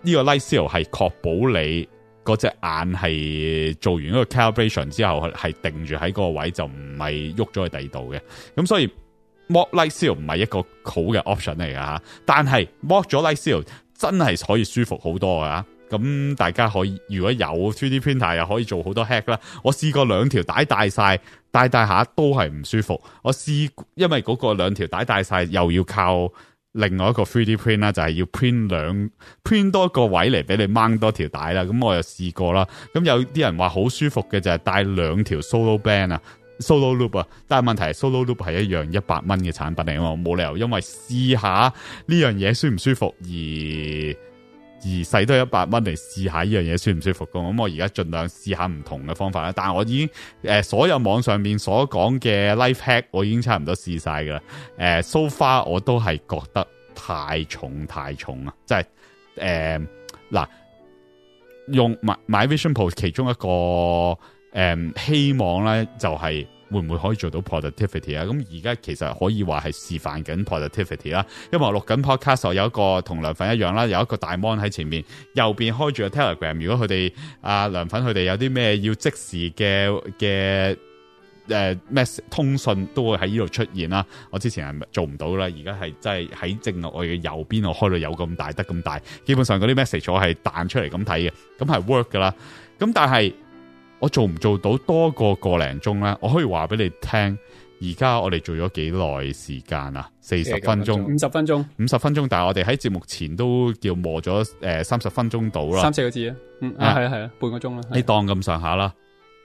呢個 Light Seal 係確保你嗰隻眼係做完嗰個 calibration 之後係定住喺嗰個位，就唔係喐咗去第二度嘅。咁所、這個、所以。Walk Light Seal 唔係一個好嘅 option 嚟噶吓，但係 Walk 咗 Light Seal 真係可以舒服好多噶。咁大家可以，如果有 3D printer 又可以做好多 hack 啦。我試過兩條帶帶晒，帶帶帶下都係唔舒服。我試因為嗰個兩條帶帶晒，又要靠另外一個 3D print 啦，就係要 print 兩 print 多個位嚟俾你掹多條帶啦。咁我又試過啦。咁有啲人話好舒服嘅就係帶兩條 solo band 啊。Solo Loop 啊，但係問題係 Solo Loop 係一樣一百蚊嘅產品嚟噶嘛，我冇理由因為試下呢樣嘢舒唔舒服而而使多一百蚊嚟試下呢樣嘢舒唔舒服噶。咁我而家盡量試下唔同嘅方法啦。但係我已經誒、呃、所有網上面所講嘅 Life Hack 我已經差唔多試晒噶啦。誒、呃，so far 我都係覺得太重太重啊，即係誒嗱用買買 Vision Pro 其中一個。誒、嗯，希望咧就係、是、會唔會可以做到 productivity 啊？咁而家其實可以話係示範緊 productivity 啦、啊。因為我錄緊 podcast，我有一個同梁粉一樣啦、啊，有一個大 mon 喺前面，右邊開住個 telegram。如果佢哋啊梁粉佢哋有啲咩要即時嘅嘅誒 message 通訊，都會喺呢度出現啦、啊。我之前係做唔到啦，而家係真係喺正落去嘅右邊，我開到有咁大得咁大。基本上嗰啲 message 我係彈出嚟咁睇嘅，咁係 work 噶啦。咁、嗯、但係。我做唔做到多過個零鐘咧？我可以話俾你聽，而家我哋做咗幾耐時間啊？四十分鐘，五十分鐘，五十分鐘。但係我哋喺節目前都叫磨咗誒三十分鐘到啦，三四個字啊，嗯，係啊係啊，半個鐘啦。你當咁上下啦，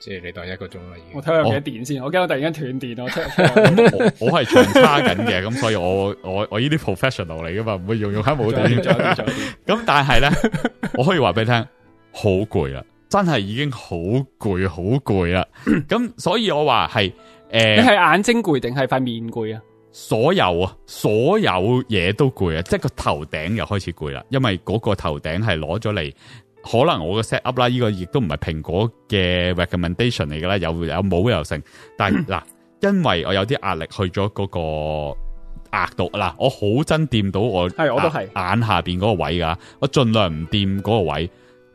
即係你當一個鐘啦已經。我睇下幾多電先，我驚我突然間斷電。我我係長差緊嘅，咁所以我我我呢啲 professional 嚟噶嘛，唔會用用下冇電。咁但係咧，我可以話俾你聽，好攰啊！真係已經好攰，好攰啦！咁所以我話係誒，呃、你係眼睛攰定係塊面攰啊？所有啊，所有嘢都攰啊！即係個頭頂又開始攰啦，因為嗰個頭頂係攞咗嚟，可能我嘅 set up 啦，呢、這個亦都唔係蘋果嘅 recommendation 嚟噶啦，有有冇又成。但係嗱， 因為我有啲壓力去咗嗰個額度啊，嗱、呃，我好憎掂到我係、呃，我都係眼下邊嗰個位噶，我盡量唔掂嗰個位。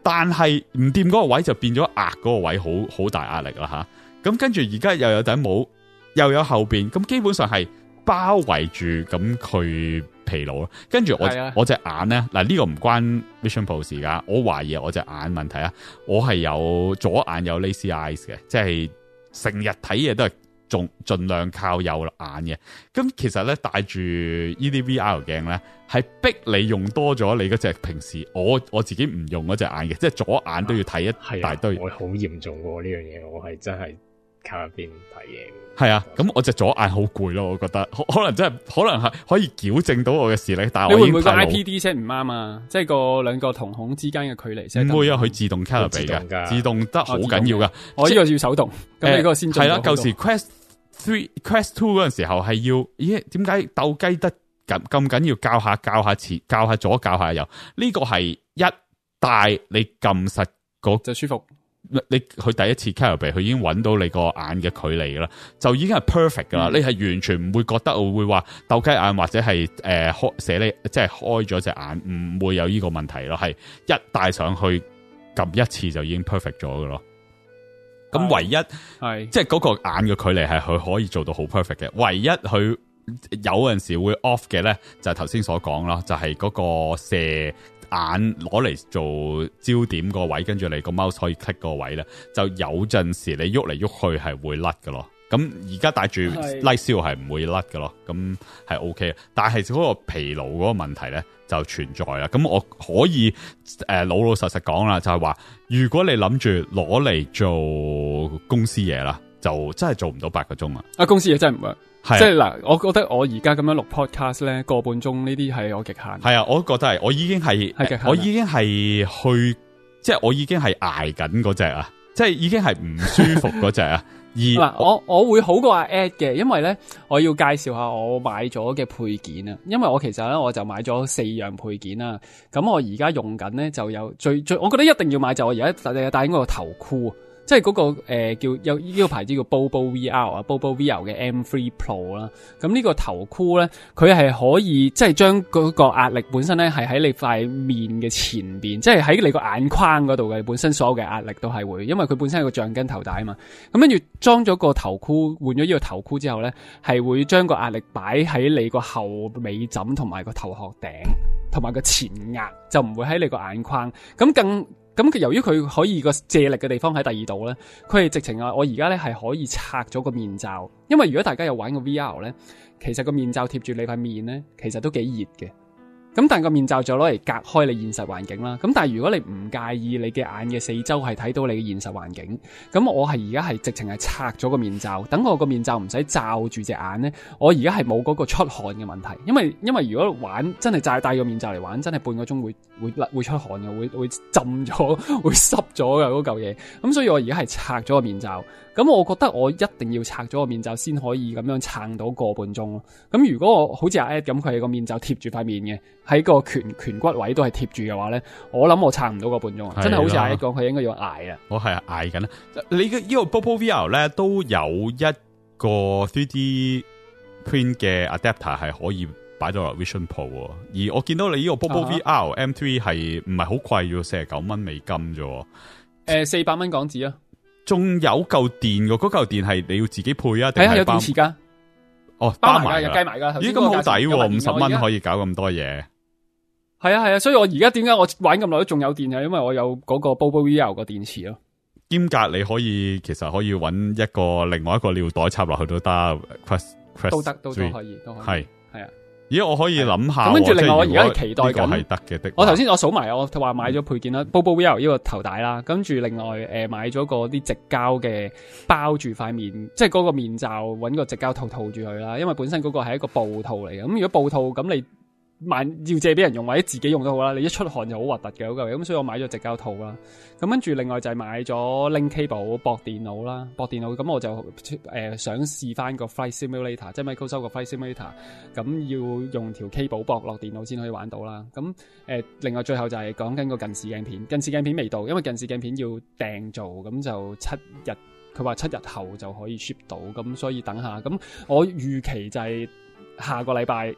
但係唔掂嗰個位就變咗壓嗰個位好好大壓力啦吓，咁跟住而家又有頂帽，又有後邊，咁基本上係包圍住咁佢疲勞啦。跟住我是、啊、我隻眼咧嗱呢、啊這個唔關 Vision Pro 事噶，我懷疑我隻眼問題啊，我係有左眼有 lazy eyes 嘅，即係成日睇嘢都係。仲盡量靠右眼嘅，咁其實咧帶住呢啲 VR 鏡咧，係逼你用多咗你嗰隻平時我我自己唔用嗰隻眼嘅，即係左眼都要睇一大堆，我好嚴重呢樣嘢，我係、這個、真係靠一邊睇嘢。係啊，咁我隻左眼好攰咯，我覺得可能真係可能係可以矯正到我嘅視力，但係我唔會,會個 I P D 設唔啱啊，即係個兩個瞳孔之間嘅距離唔會啊，佢自動 calibrate 噶，自動得好緊要噶，我呢個要手動咁你、呃、個先係啦，舊時 Quest Three、Quest Two 嗰陣時候係要，咦、欸？點解鬥雞得咁咁緊要教下教下前教下左教下,下,下,下,下右？呢、這個係一帶你撳實嗰就舒服。你佢第一次 c a l r 佢已經揾到你個眼嘅距離啦，就已經係 perfect 噶啦。你係完全唔會覺得我會會話鬥雞眼或者係誒、呃、開斜即係開咗隻眼，唔會有呢個問題咯。係一戴上去，撳一次就已經 perfect 咗嘅咯。咁唯一係即係嗰個眼嘅距離係佢可以做到好 perfect 嘅，唯一佢有陣時會 off 嘅咧，就係頭先所講啦，就係嗰個射。眼攞嚟做焦點個位，跟住你個 mouse 可以 cut 個位咧，就有陣時你喐嚟喐去係會甩噶咯。咁而家帶住 light show 係唔會甩噶咯，咁係 ok。但係嗰個疲勞嗰個問題咧就存在啦。咁我可以誒、呃、老老實實講啦，就係話如果你諗住攞嚟做公司嘢啦，就真係做唔到八個鐘啊！啊公司嘢真係唔會。即係嗱，我覺得我而家咁樣錄 podcast 咧，個半鐘呢啲係我極限。係啊，我都覺得係，我已經係，係極限我已經係去，即係我已經係挨緊嗰隻啊！即係已經係唔舒服嗰隻啊！ 而嗱我，我我會好過阿 Ed 嘅，因為咧，我要介紹下我買咗嘅配件啊！因為我其實咧，我就買咗四樣配件啦。咁我而家用緊咧，就有最最，我覺得一定要買就我而家戴緊個頭箍。即係嗰、那個誒、呃、叫有呢、這個牌子叫 BoBo VR 啊，BoBo VR 嘅 M3 Pro 啦，咁呢個頭箍咧，佢係可以即係將嗰個壓力本身咧係喺你塊面嘅前邊，即係喺你個眼框嗰度嘅，本身所有嘅壓力都係會，因為佢本身係個橡筋頭帶啊嘛。咁跟住裝咗個頭箍，換咗呢個頭箍之後咧，係會將個壓力擺喺你個後尾枕同埋個頭殼頂，同埋個前額，就唔會喺你個眼框，咁更。咁佢由於佢可以個借力嘅地方喺第二度呢，佢係直情啊！我而家呢係可以拆咗個面罩，因為如果大家有玩個 VR 呢，其實個面罩貼住你塊面呢，其實都幾熱嘅。咁但係個面罩就攞嚟隔開你現實環境啦。咁但如果你唔介意你嘅眼嘅四周係睇到你嘅現實環境，咁我係而家係直情係拆咗個面罩，等我個面罩唔使罩住隻眼呢，我而家係冇嗰個出汗嘅問題，因為因為如果玩真係再戴個面罩嚟玩，真係半個鐘會。會會出汗嘅，會會浸咗，會濕咗嘅嗰嚿嘢。咁、那個、所以我而家係拆咗個面罩。咁我覺得我一定要拆咗個，個面罩，先可以咁樣撐到個半鐘。咁如果我好似阿 Ed 咁，佢個面罩貼住塊面嘅，喺個顴顴骨位都係貼住嘅話咧，我諗我撐唔到個半鐘啊！的真係好似阿 Ed 講，佢應該要挨啊！我係挨緊啦。你個呢個 BoboVR 咧，都有一個 3D print 嘅 adapter 係可以。擺咗落 Vision 鋪，Pro，而我見到你呢個 BoboVR M3 係唔係好貴，要四十九蚊美金啫。誒、呃，四百蚊港紙啊！仲有嚿電嘅，嗰嚿電係你要自己配啊？係係、啊、有電池噶。哦，包埋噶，計埋噶。咦，咁好抵，五十蚊可以搞咁多嘢。係啊係啊，所以我而家點解我玩咁耐都仲有電啊？因為我有嗰個 BoboVR 個電池咯、啊。兼夾你可以其實可以搵一個另外一個尿袋插落去都得。都得，都都可以，都係。都可以咦，我可以諗下。咁跟住另外，我而家係期待咁。係得嘅的。我頭先我數埋，我話買咗配件啦，BoboVR 呢個頭帶啦，跟住另外誒買咗個啲直膠嘅包住塊面，即係嗰個面罩，搵個直膠套套住佢啦。因為本身嗰個係一個布套嚟嘅，咁如果布套咁你。萬要借俾人用，或者自己用都好啦。你一出汗就好核突嘅，個嘅。咁所以我買咗直膠套啦。咁跟住另外就係買咗 l i link cable 駁電腦啦，駁電腦。咁我就誒、呃，想試翻個 flight simulator，即係 Microsoft 個 flight simulator。咁要用條 cable 駁落電腦先可以玩到啦。咁誒、呃，另外最後就係講緊個近視鏡片。近視鏡片未到，因為近視鏡片要訂做，咁就七日，佢話七日後就可以 ship 到。咁所以等下，咁我預期就係下個禮拜。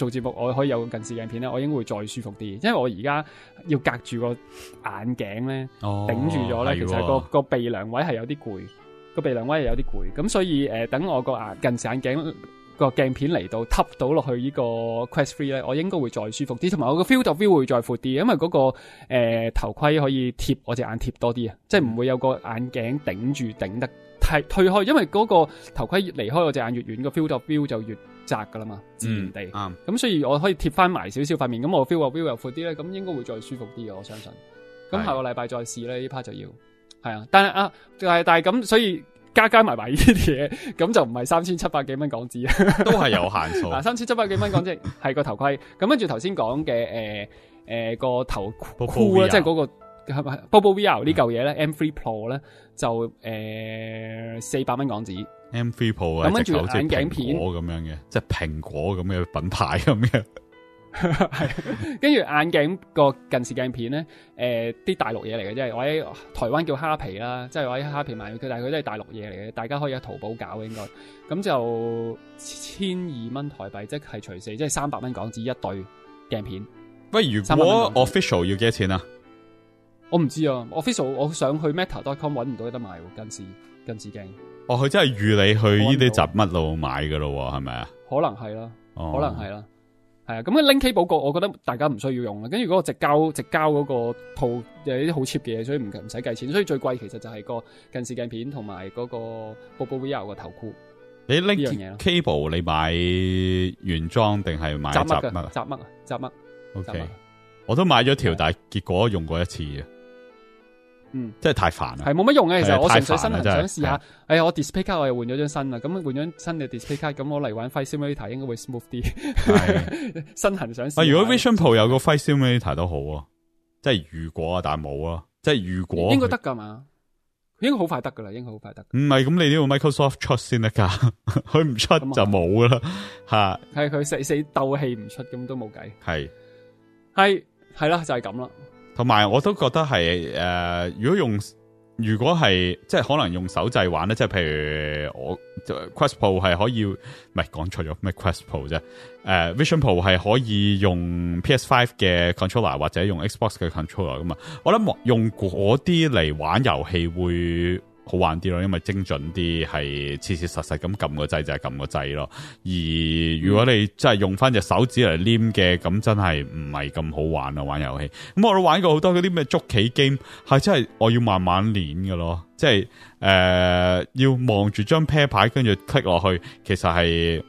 做節目我可以有近視鏡片咧，我應該會再舒服啲，因為我而家要隔住個眼鏡咧，哦、頂住咗咧，的其實個個鼻梁位係有啲攰，個鼻梁位又有啲攰。咁所以誒、呃，等我個眼近視眼鏡個鏡片嚟到 top 到落去個3呢個 Quest 3咧，我應該會再舒服啲，同埋我個 Field of View 會再闊啲，因為嗰、那個誒、呃、頭盔可以貼我隻眼貼多啲啊，嗯、即係唔會有個眼鏡頂住頂得，係退開，因為嗰個頭盔越離開我隻眼越遠，個 Field of View 就越窄噶啦嘛，自然地。咁所以我可以貼翻埋少少塊面，咁我 feel 個 view 又闊啲咧，咁應該會再舒服啲嘅，我相信。咁下個禮拜再試咧，呢 part 就要係啊。但係啊，但係但係咁，所以加加埋埋呢啲嘢，咁就唔係三千七百幾蚊港紙，都係有限數。嗱、 啊，三千七百幾蚊港紙係個頭盔，咁 跟住頭先講嘅誒誒個頭箍啦，即係嗰個 BoboVR 呢舊嘢咧，M3 Pro 咧就誒四百蚊港紙。M3 Pro 啊，鏡片即係蘋果咁樣嘅，即係蘋果咁嘅品牌咁嘅 的。係 ，跟住眼鏡個近視鏡片咧，誒、呃，啲大陸嘢嚟嘅，即係我喺台灣叫哈皮啦，即、就、係、是、我喺哈皮買佢，但係佢都係大陸嘢嚟嘅，大家可以喺淘寶搞應該。咁就千二蚊台幣，即係除四，即係三百蚊港紙一對鏡片。喂，如果 official 要幾多錢啊？我唔知啊，official 我想去 meta.com 搵唔到有得賣近視近視鏡，哦，佢真係預你去呢啲雜嘜度買噶咯，係咪啊？哦、可能係啦，可能係啦，係啊。咁 link cable 我覺得大家唔需要用啦。跟住嗰個直交直交嗰個套有啲好 cheap 嘅，所以唔唔使計錢。所以最貴其實就係個近視鏡片同埋嗰個 BoboVR 頭箍。你 link cable 你買原裝定係買雜嘜？雜嘜啊？雜嘜？OK，物我都買咗條，是的 但係結果用過一次嗯，真係太煩啦，係冇乜用嘅。其實我純粹身痕想試下，哎呀，我 display 卡我又換咗張新啦，咁換張新嘅 display 卡，咁我嚟玩 flight simulator 應該會 smooth 啲。身痕的 想試下，試啊，如果 Vision Pro 有個 flight simulator 都好喎、啊，即係如果啊，但冇啊，即係如果應該得㗎嘛，應該好快得㗎啦，應該好快得。唔係、嗯，咁你呢個 Microsoft 出先得㗎？佢 唔出就冇噶啦，吓的。係佢死死鬥氣唔出，咁都冇計。係係係啦，就係咁啦。同埋我都覺得係誒、呃，如果用如果係即係可能用手掣玩咧，即係譬如我 Quest Pro 係可以，唔係講錯咗咩 Quest Pro 啫、呃，Vision Pro 係可以用 PS Five 嘅 controller 或者用 Xbox 嘅 controller 噶嘛，我諗用嗰啲嚟玩遊戲會好玩啲咯，因為精準啲係切切實實咁撳個掣就係撳個掣咯。而如果你真係用翻隻手指嚟黏嘅，咁真係唔係咁好玩啊。玩遊戲咁我都玩過好多嗰啲咩捉棋 game，係真係我要慢慢練㗎咯。即係誒、呃，要望住張 pair 牌，跟住 click 落去，其實係，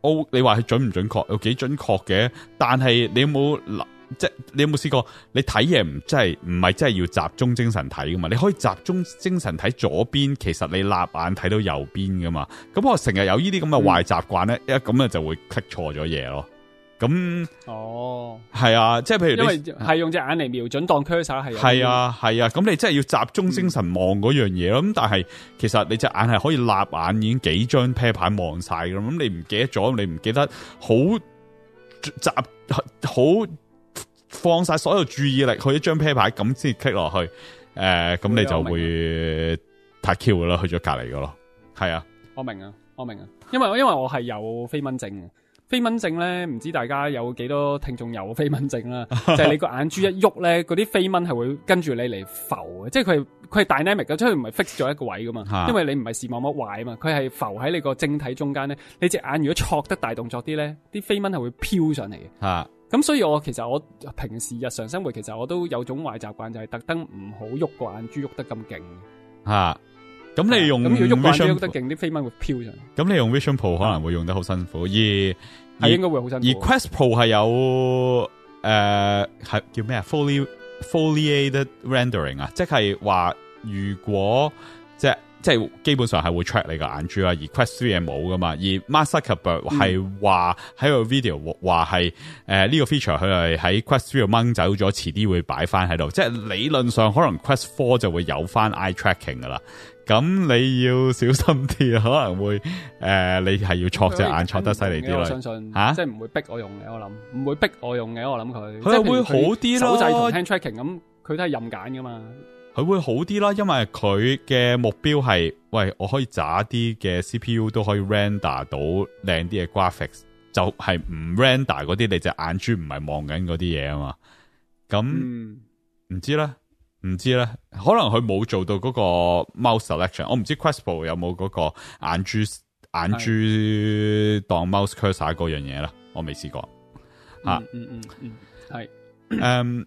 哦，你話係準唔準確？有幾準確嘅，但係你有冇。有即係你有冇試過？你睇嘢唔真係唔係？真係要集中精神睇噶嘛？你可以集中精神睇左邊，其實你立眼睇到右邊噶嘛？咁我成日有呢啲咁嘅壞習慣咧，嗯、一咁咧就會 click 錯咗嘢咯。咁哦，係啊，即係譬如你，因為係用隻眼嚟瞄準當 cursor 係係，啊係啊。咁、啊、你真係要集中精神望嗰樣嘢咯。咁、嗯、但係其實你隻眼係可以立眼已經幾張啤牌望晒噶咁你唔記得咗，你唔記得好集好。放晒所有注意力去一張啤牌咁先棘落去，誒、呃，咁的你就會太翹噶啦，去咗隔離噶咯。係啊，我明啊，我明啊，因為因為我係有飛蚊症，飛蚊症咧，唔知大家有幾多聽眾有飛蚊症啦， 就係你個眼珠一喐咧，嗰啲飛蚊係會跟住你嚟浮嘅，即係佢佢係 dynamic 噶，即係唔係 fix 咗一個位噶嘛，啊、因為你唔係視網膜壞啊嘛，佢係浮喺你個晶體中間咧，你隻眼如果錯得大動作啲咧，啲飛蚊係會飄上嚟嘅。啊咁所以我其實我平時日常生活其實我都有種壞習慣，就係特登唔好喐個眼珠喐得咁勁。吓、啊，咁你用咁要喐得勁，啲飛蚊會飄上嚟。咁你用 Vision Pro 可能會用得好辛苦，嗯、而係而應該會好辛苦的。而 Quest Pro 係有誒係、呃、叫咩啊？foliated rendering 啊，即係話如果。即係基本上係會 track 你個眼珠啊，而 Quest Three 係冇噶嘛而 Mark Zuckerberg 係話喺個 video 話係誒，呢個 feature 佢係喺 Quest Three 掹走咗，遲啲會擺翻喺度。即係理論上可能 Quest Four 就會有翻 eye tracking 噶啦。咁你要小心啲，可能會，誒，你係要戳隻眼戳得犀利啲咯。吓，即係唔會逼我用嘅，我諗唔會逼我用嘅，我諗佢佢會好啲咯。手掣同 hand tracking 咁，佢都係任揀噶嘛。佢會好啲啦，因為佢嘅目標係，喂，我可以渣啲嘅 CPU 都可以 render 到靚啲嘅 graphics，就係唔 render 嗰啲，你隻眼珠唔係望緊嗰啲嘢啊嘛。咁、嗯、唔知咧，唔知咧，可能佢冇做到嗰個 mouse selection，我唔知 Quest Pro 有冇嗰個眼珠眼珠當 mouse cursor 嗰樣嘢啦，我未試過。吓、啊，嗯嗯嗯，係，嗯。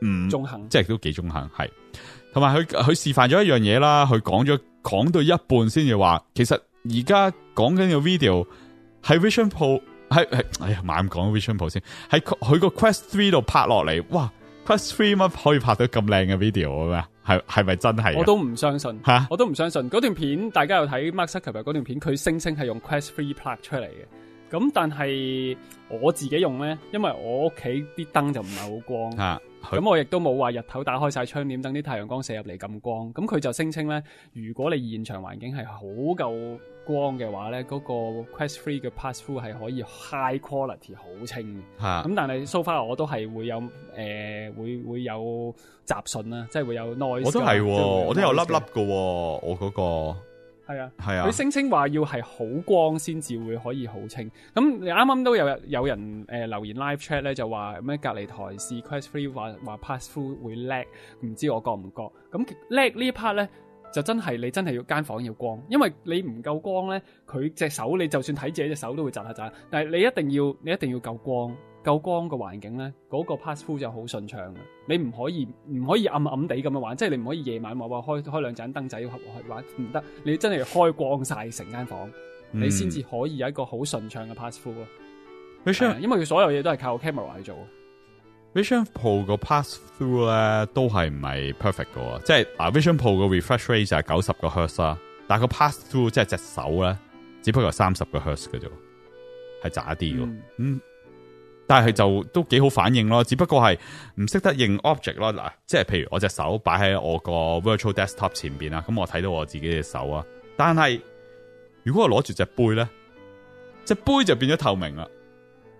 嗯，中肯仲恒，即係都幾中肯，係同埋佢佢示範咗一樣嘢啦。佢講咗講到一半先至話，其實而家講緊嘅 video 喺 Vision Pro 喺哎呀慢講 Vision Pro 先喺佢個 Quest Three 度拍落嚟，哇 Quest Three 乜可以拍到咁靚嘅 video 嘅咩？係係咪真係、啊、我都唔相信吓，哈我都唔相信嗰段片，大家有睇 Mark Zuckerberg 嗰段片，佢聲稱係用 Quest Three 拍出嚟嘅。咁但係我自己用咧，因為我屋企啲燈就唔係好光。咁我亦都冇話日頭打開晒窗簾，等啲太陽光射入嚟咁光。咁佢就聲稱咧，如果你現場環境係好夠光嘅話咧，嗰個 Quest 3嘅 Pass Through 係可以 High Quality 好清。吓，咁但係 so far 我都係會有誒、呃、會會有雜訊啦，即係會有 noise 會有有、啊。我係，我都有粒粒喎，我嗰個。係啊，係啊，佢聲稱話要係好光先至會可以好清。咁啱啱都有有人誒留言 live chat 咧，就話咩隔離台試 Quest 3，話話 pass through 會 lag，唔知我覺唔覺？咁 lag 呢一 part 咧就真係你真係要間房要光，因為你唔夠光咧，佢隻手你就算睇自己隻手都會窒下窒。但係你一定要你一定要夠光。夠光嘅環境咧，嗰個 pass through 就好順暢嘅。你唔可以唔可以暗暗地咁樣玩，即係你唔可以夜晚話話開開兩盞燈仔玩唔得。你真係開光晒成間房，你先至可以有一個好順暢嘅 pass through 咯。Vision 因為佢所有嘢都係靠 camera 去做。Vision Pro 個 pass through 咧都係唔係 perfect 嘅，即係嗱 Vision Pro 個 refresh rate 就係九十個 hertz 啦，但係個 pass through 即係隻手咧，只不過三十個 hertz 嘅啫，係渣啲嘅。嗯。但係就都幾好反應咯，只不過係唔識得認 object 咯。嗱，即係譬如我隻手擺喺我個 virtual desktop 前邊啦，咁我睇到我自己隻手啊。但係如果我攞住隻杯咧，隻杯就變咗透明啦，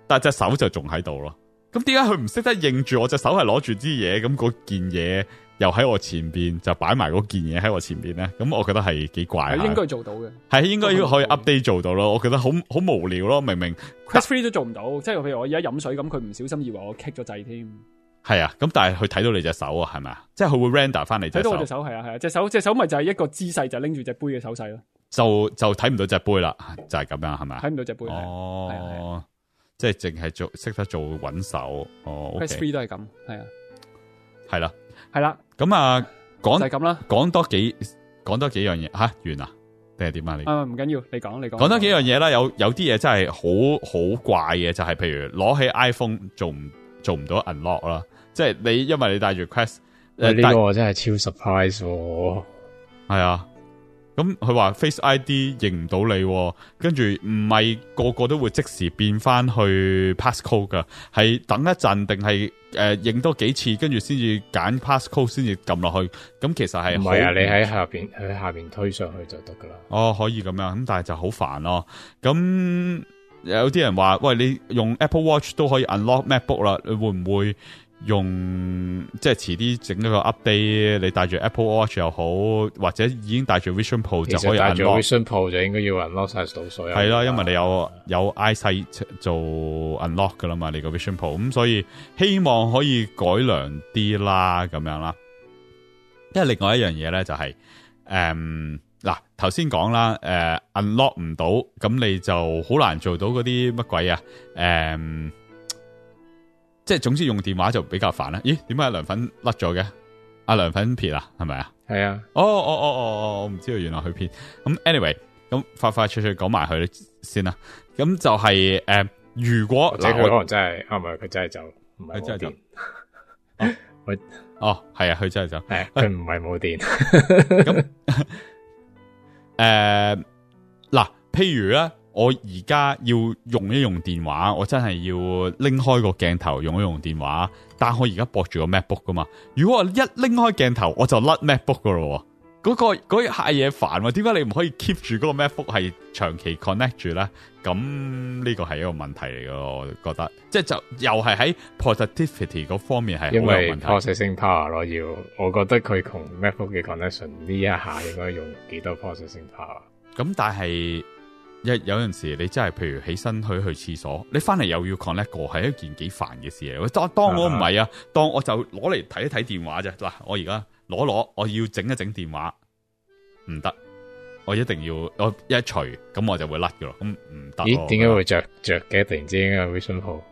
但係隻手就仲喺度咯。咁點解佢唔識得認住我隻手係攞住啲嘢？咁嗰件嘢？又喺我前邊就擺埋嗰件嘢喺我前邊咧，咁我覺得係幾怪啊！應該做到嘅，係應該要可以 update 做到咯。我覺得好好無聊咯，明明 Quest 3都做唔到，即係譬如我而家飲水咁，佢唔小心以為我棘咗掣添。係啊，咁但係佢睇到你隻手啊，係咪啊？即係佢會 render 翻你隻手。睇到你隻手係啊係啊，隻手隻手咪就係一個姿勢，就拎住隻杯嘅手勢咯。就就睇唔到隻杯啦，就係咁樣，係咪睇唔到隻杯哦，即係淨係做識得做搵手哦。Quest 3都係咁，係啊，係啦，係啦。咁啊，講係咁啦，講多幾講多幾樣嘢吓、啊，完啦定係點啊？你啊，唔緊要，你講你講，講多幾樣嘢啦。有有啲嘢真係好好怪嘅，就係、是、譬如攞起 iPhone 做唔做唔到 unlock 啦，即係你因為你戴住 Quest，誒呢個我真係超 surprise 我係啊。咁佢話 Face ID 認唔到你、啊，跟住唔係個個都會即時變翻去 Passcode 噶，係等一陣定係誒認多幾次，跟住先至揀 Passcode 先至撳落去。咁其實係唔係啊？你喺下邊，喺下邊推上去就得噶啦。哦，可以咁樣，咁但係就好煩咯、啊。咁有啲人話喂，你用 Apple Watch 都可以 unlock MacBook 啦，你會唔會？用即係遲啲整咗個 update，你帶住 Apple Watch 又好，或者已經帶住 Vision Pro 就可以 unlock。其實戴住 Vision Pro 就應該要 unlock 晒所有。係啦，因為你有的有 Eye Sight 做 unlock 噶啦嘛，你個 Vision Pro 咁、嗯，所以希望可以改良啲啦，咁樣啦。因為另外一樣嘢咧就係、是，誒、嗯，嗱，頭先講啦，誒，unlock 唔到，咁、呃、你就好難做到嗰啲乜鬼啊，誒、嗯。即係總之用電話就比較煩啦、啊。咦？點解阿涼粉甩咗嘅？阿涼粉撇啦係咪啊？係啊。哦哦哦哦哦，我唔知道，原來佢撇。咁，anyway，咁快快脆脆講埋佢先啦。咁就係、是、誒、呃，如果佢可能真係，唔係佢真係就唔係冇電。我 哦係、 哦、啊，佢真係就係佢唔係冇電。咁誒嗱，譬、呃呃呃、如咧。我而家要用一用電話，我真係要拎開個鏡頭用一用電話。但係我而家駁住個 MacBook 噶嘛。如果我一拎開鏡頭，我就甩 MacBook 噶喇喎。嗰個嗰一下嘢煩，點解你唔可以 keep 住嗰個 MacBook 係長期 connect 住咧？咁呢個係一個問題嚟㗎，我覺得。即係就又係喺 productivity 嗰方面係因為 processing power 咯，要我覺得佢同 MacBook 嘅 connection 呢一下應該用幾多 processing power？咁但係。有有陣時你真係譬如起身去去廁所，你翻嚟，又要 connect 過，係一件幾煩嘅事嚟。當當我唔係啊，當我，uh huh. 當我就攞嚟睇一睇電話啫。嗱，我而家攞攞，我要整一整電話，唔得，我一定要我一除，咁我就會甩噶咯。咁唔得。咦？點解會着着嘅？突然之間微信號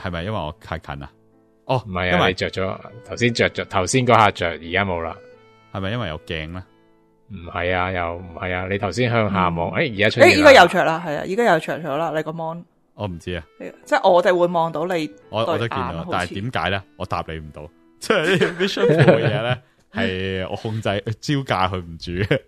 係咪因為我太近啊？哦，唔係啊，因為着咗頭先着着頭先嗰下着，而家冇啦。係咪因為有鏡咧？唔係啊，又唔係啊，你頭先向下望，誒、嗯，而家、欸、出，誒、欸，而家又着啦，係啊，而家又着咗啦，你個 mon，我唔知啊，即係我哋會望到你我，我我都見到了，但係點解咧？我答你唔到，即係 呢啲虛擬嘅嘢咧，係我控制招架佢唔住。誒、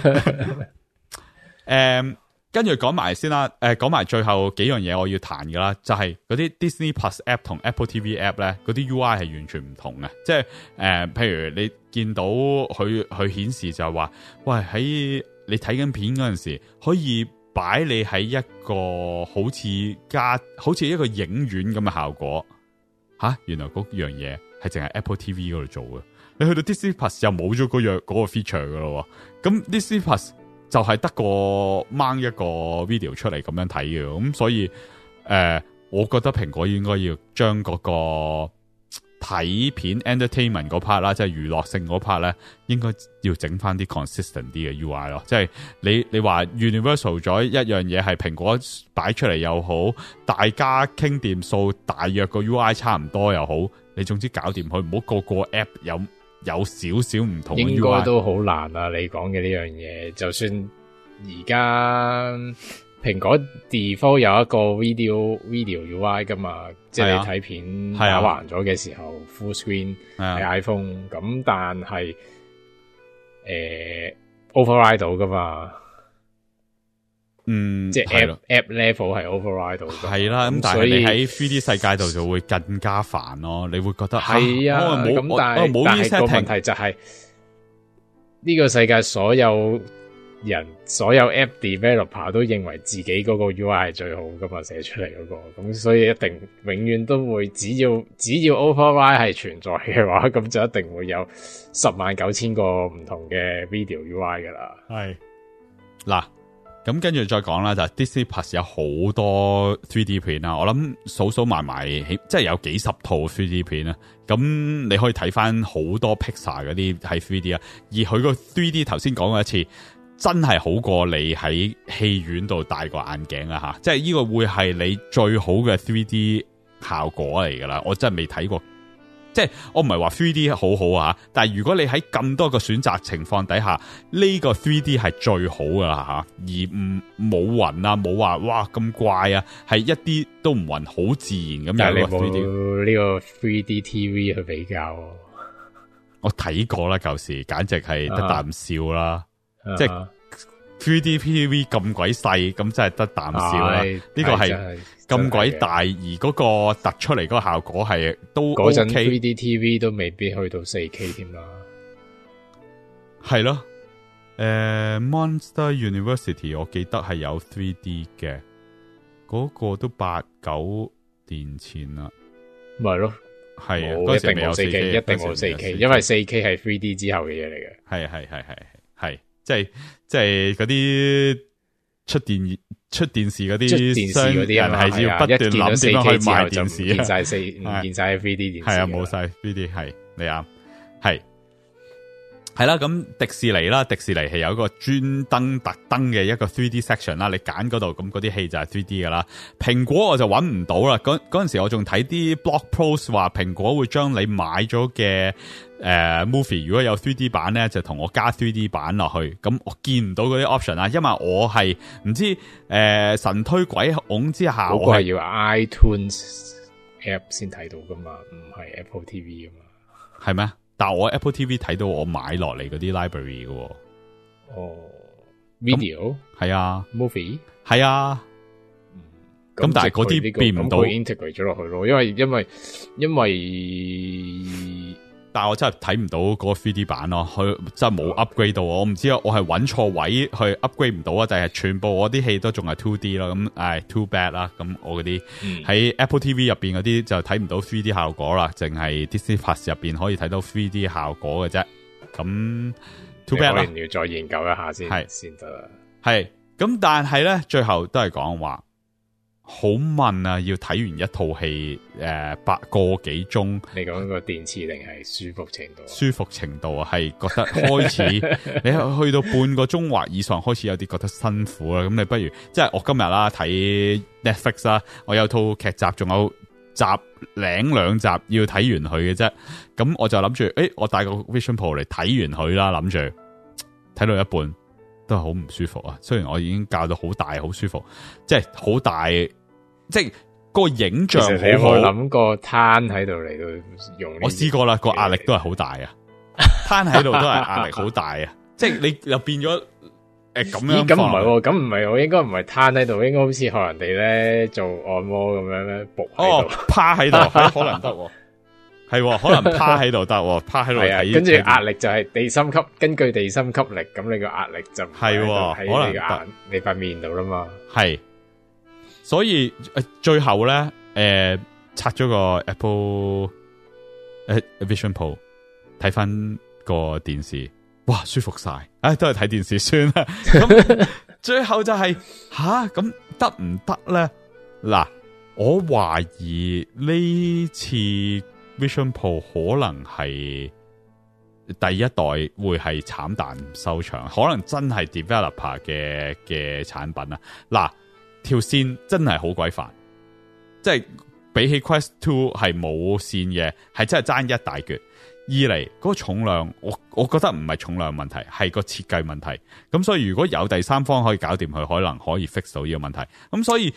嗯，跟住講埋先啦，誒、呃，講埋最後幾樣嘢我要談㗎啦，就係、是、嗰啲 Disney+ App 同 Apple TV App 咧，嗰啲 UI 係完全唔同嘅，即係誒、嗯，譬如你。見到佢佢顯示就係話，喂，喺你睇緊片嗰陣時，可以擺你喺一個好似加，好似一個影院咁嘅效果。吓、啊，原來嗰樣嘢係淨係 Apple TV 嗰度做嘅。你去到 Disney Plus 就冇咗嗰樣個 feature 噶喎。咁、那個、Disney Plus 就係得個掹一個 video 出嚟咁樣睇嘅。咁所以，誒、呃，我覺得蘋果應該要將嗰、那個。睇片 entertainment 嗰 part 啦，即係娛樂性嗰 part 咧，應該要整翻啲 consistent 啲嘅 UI 咯。即係你你話 universal 咗一樣嘢係蘋果擺出嚟又好，大家傾掂數大約個 UI 差唔多又好，你總之搞掂佢，唔好個個 app 有有少少唔同 UI。應該都好難啊！你講嘅呢樣嘢，就算而家。蘋果 default 有一個 video video UI 噶嘛，即係你睇片啊，打橫咗嘅時候 full screen 係 iPhone 咁，但係誒 override 到噶嘛，嗯，即係 app app level 係 override 到嘅，係啦，咁但係你喺 3D 世界度就會更加煩咯，你會覺得係啊，咁但係但係個問題就係呢個世界所有。人所有 app developer 都認為自己嗰個 UI 係最好噶嘛，寫出嚟嗰、嗰個，咁所以一定永遠都會只，只要只要 override 係存在嘅話，咁就一定會有十萬九千個唔同嘅 video UI 噶啦。係嗱，咁跟住再講啦，就是、Disney Plus 有好多 3D 片啦，我諗數數埋埋，即、就、係、是、有幾十套 3D 片啦。咁你可以睇翻好多 Pixar 嗰啲係 3D 啊，而佢個 3D 頭先講過一次。真係好過你喺戲院度戴個眼鏡啊！吓，即係呢個會係你最好嘅 three D 效果嚟噶啦。我真係未睇過，即係我唔係話 three D 好好啊。但係如果你喺咁多個選擇情況底下，呢個 three D 係最好噶啦吓，而唔冇暈啊，冇話哇咁怪啊，係一啲都唔暈，好自然咁樣。但係你冇呢個 three D TV 去比較，我睇過啦，舊時簡直係得啖笑啦。Uh huh. 啊、即係 three D T V 咁鬼細，咁真係得啖笑啦！呢是個係咁鬼大，的的而嗰個突出嚟嗰個效果係都嗰陣 three D T V 都未必去到四 K 添啦。係咯，誒、呃、，Monster University 我記得係有 three D 嘅，嗰、那個都八九年前啦。咪咯，係啊的，一定沒有四 K，一定冇四 K，, K 因為四 K 係 three D 之後嘅嘢嚟嘅。係係係係。即係即係啲出電出電視啲電視啲人係要不斷諗點可以賣電視啊，唔見晒四唔見晒 3D 電視。係啊，冇晒 3D。係你啱。係。係啦，咁迪士尼啦，迪士尼係有一個專登特登嘅一個 three D section 啦，你揀嗰度，咁嗰啲戲就係 three D 噶啦。蘋果我就搵唔到啦，嗰嗰陣時我仲睇啲 blog post 話蘋果會將你買咗嘅誒 movie 如果有 three D 版咧，就同我加 three D 版落去。咁我見唔到嗰啲 option 啊，因為我係唔知誒、呃、神推鬼拱之下，我係要 iTunes app 先睇到噶嘛，唔係 Apple TV 啊嘛，係咩？但係我 Apple TV 睇到我買落嚟嗰啲 library 嘅，哦，video 係啊，movie 係啊，咁但係嗰啲變唔到，integrate 咗落去咯，因為因為因為。但係我真係睇唔到嗰個 3D 版咯，佢真係冇 upgrade 到，我唔知啊，我係揾錯位去 upgrade 唔到啊，但係全部我啲戲都仲係 2D 啦，咁唉 too bad 啦，咁我嗰啲喺 Apple TV 入邊嗰啲就睇唔到 3D 效果啦，淨係 Disney Plus 入邊可以睇到 3D 效果嘅啫，咁 too bad 啦，可能要再研究一下先係先得，係咁是，但係咧最後都係講話。好悶啊！要睇完一套戲，誒、呃，八個幾鐘。你講個電池定係舒服程度？舒服程度啊，係覺得開始， 你去到半個鐘或以上開始有啲覺得辛苦啦、啊。咁你不如，即係我今日啦睇 Netflix 啦，我有套劇集，仲有集領兩集要睇完佢嘅啫。咁我就諗住，誒、欸，我帶個 Vision Pro 嚟睇完佢啦，諗住睇到一半都係好唔舒服啊。雖然我已經教到好大，好舒服，即係好大。即係個影像好好，諗過攤喺度嚟到用。我試過啦，個壓力都係好大啊！攤喺度都係壓力好大啊！即係你又變咗誒咁樣。咁唔係？咁唔係？我應該唔係攤喺度，應該好似學人哋咧做按摩咁樣咧，趴喺度。哦，趴喺度，可能得。係，可能趴喺度得。趴喺度。啊，跟住壓力就係地心吸，根據地心吸力，咁你個壓力就係可能壓你塊面度啦嘛。係。所以誒、呃，最後咧誒、呃，拆咗個 Apple 誒、呃、Vision Pro 睇翻個電視，哇，舒服晒！誒、哎，都係睇電視算啦。 咁最後就係吓咁得唔得咧？嗱，我懷疑呢次 Vision Pro 可能係第一代會係慘淡收場，可能真係 developer 嘅嘅產品啊嗱。啦條線真係好鬼煩，即係比起 Quest Two 係冇綫嘅，係真係爭一大橛。二嚟嗰個重量，我我覺得唔係重量問題，係個設計問題。咁所以如果有第三方可以搞掂佢，可能可以 fix 到呢個問題。咁所以，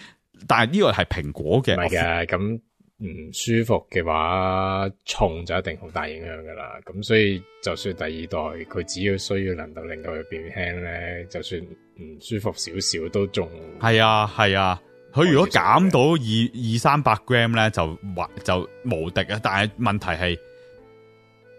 但係呢個係蘋果嘅，唔係嘅咁。唔舒服嘅話重就一定好大影響㗎喇，咁所以就算第二代佢只要需要能夠令到佢變輕咧，就算唔舒服少少都仲係啊係啊，佢、啊、如果減到二二三百 gram 咧就就無敵啊，但係問題係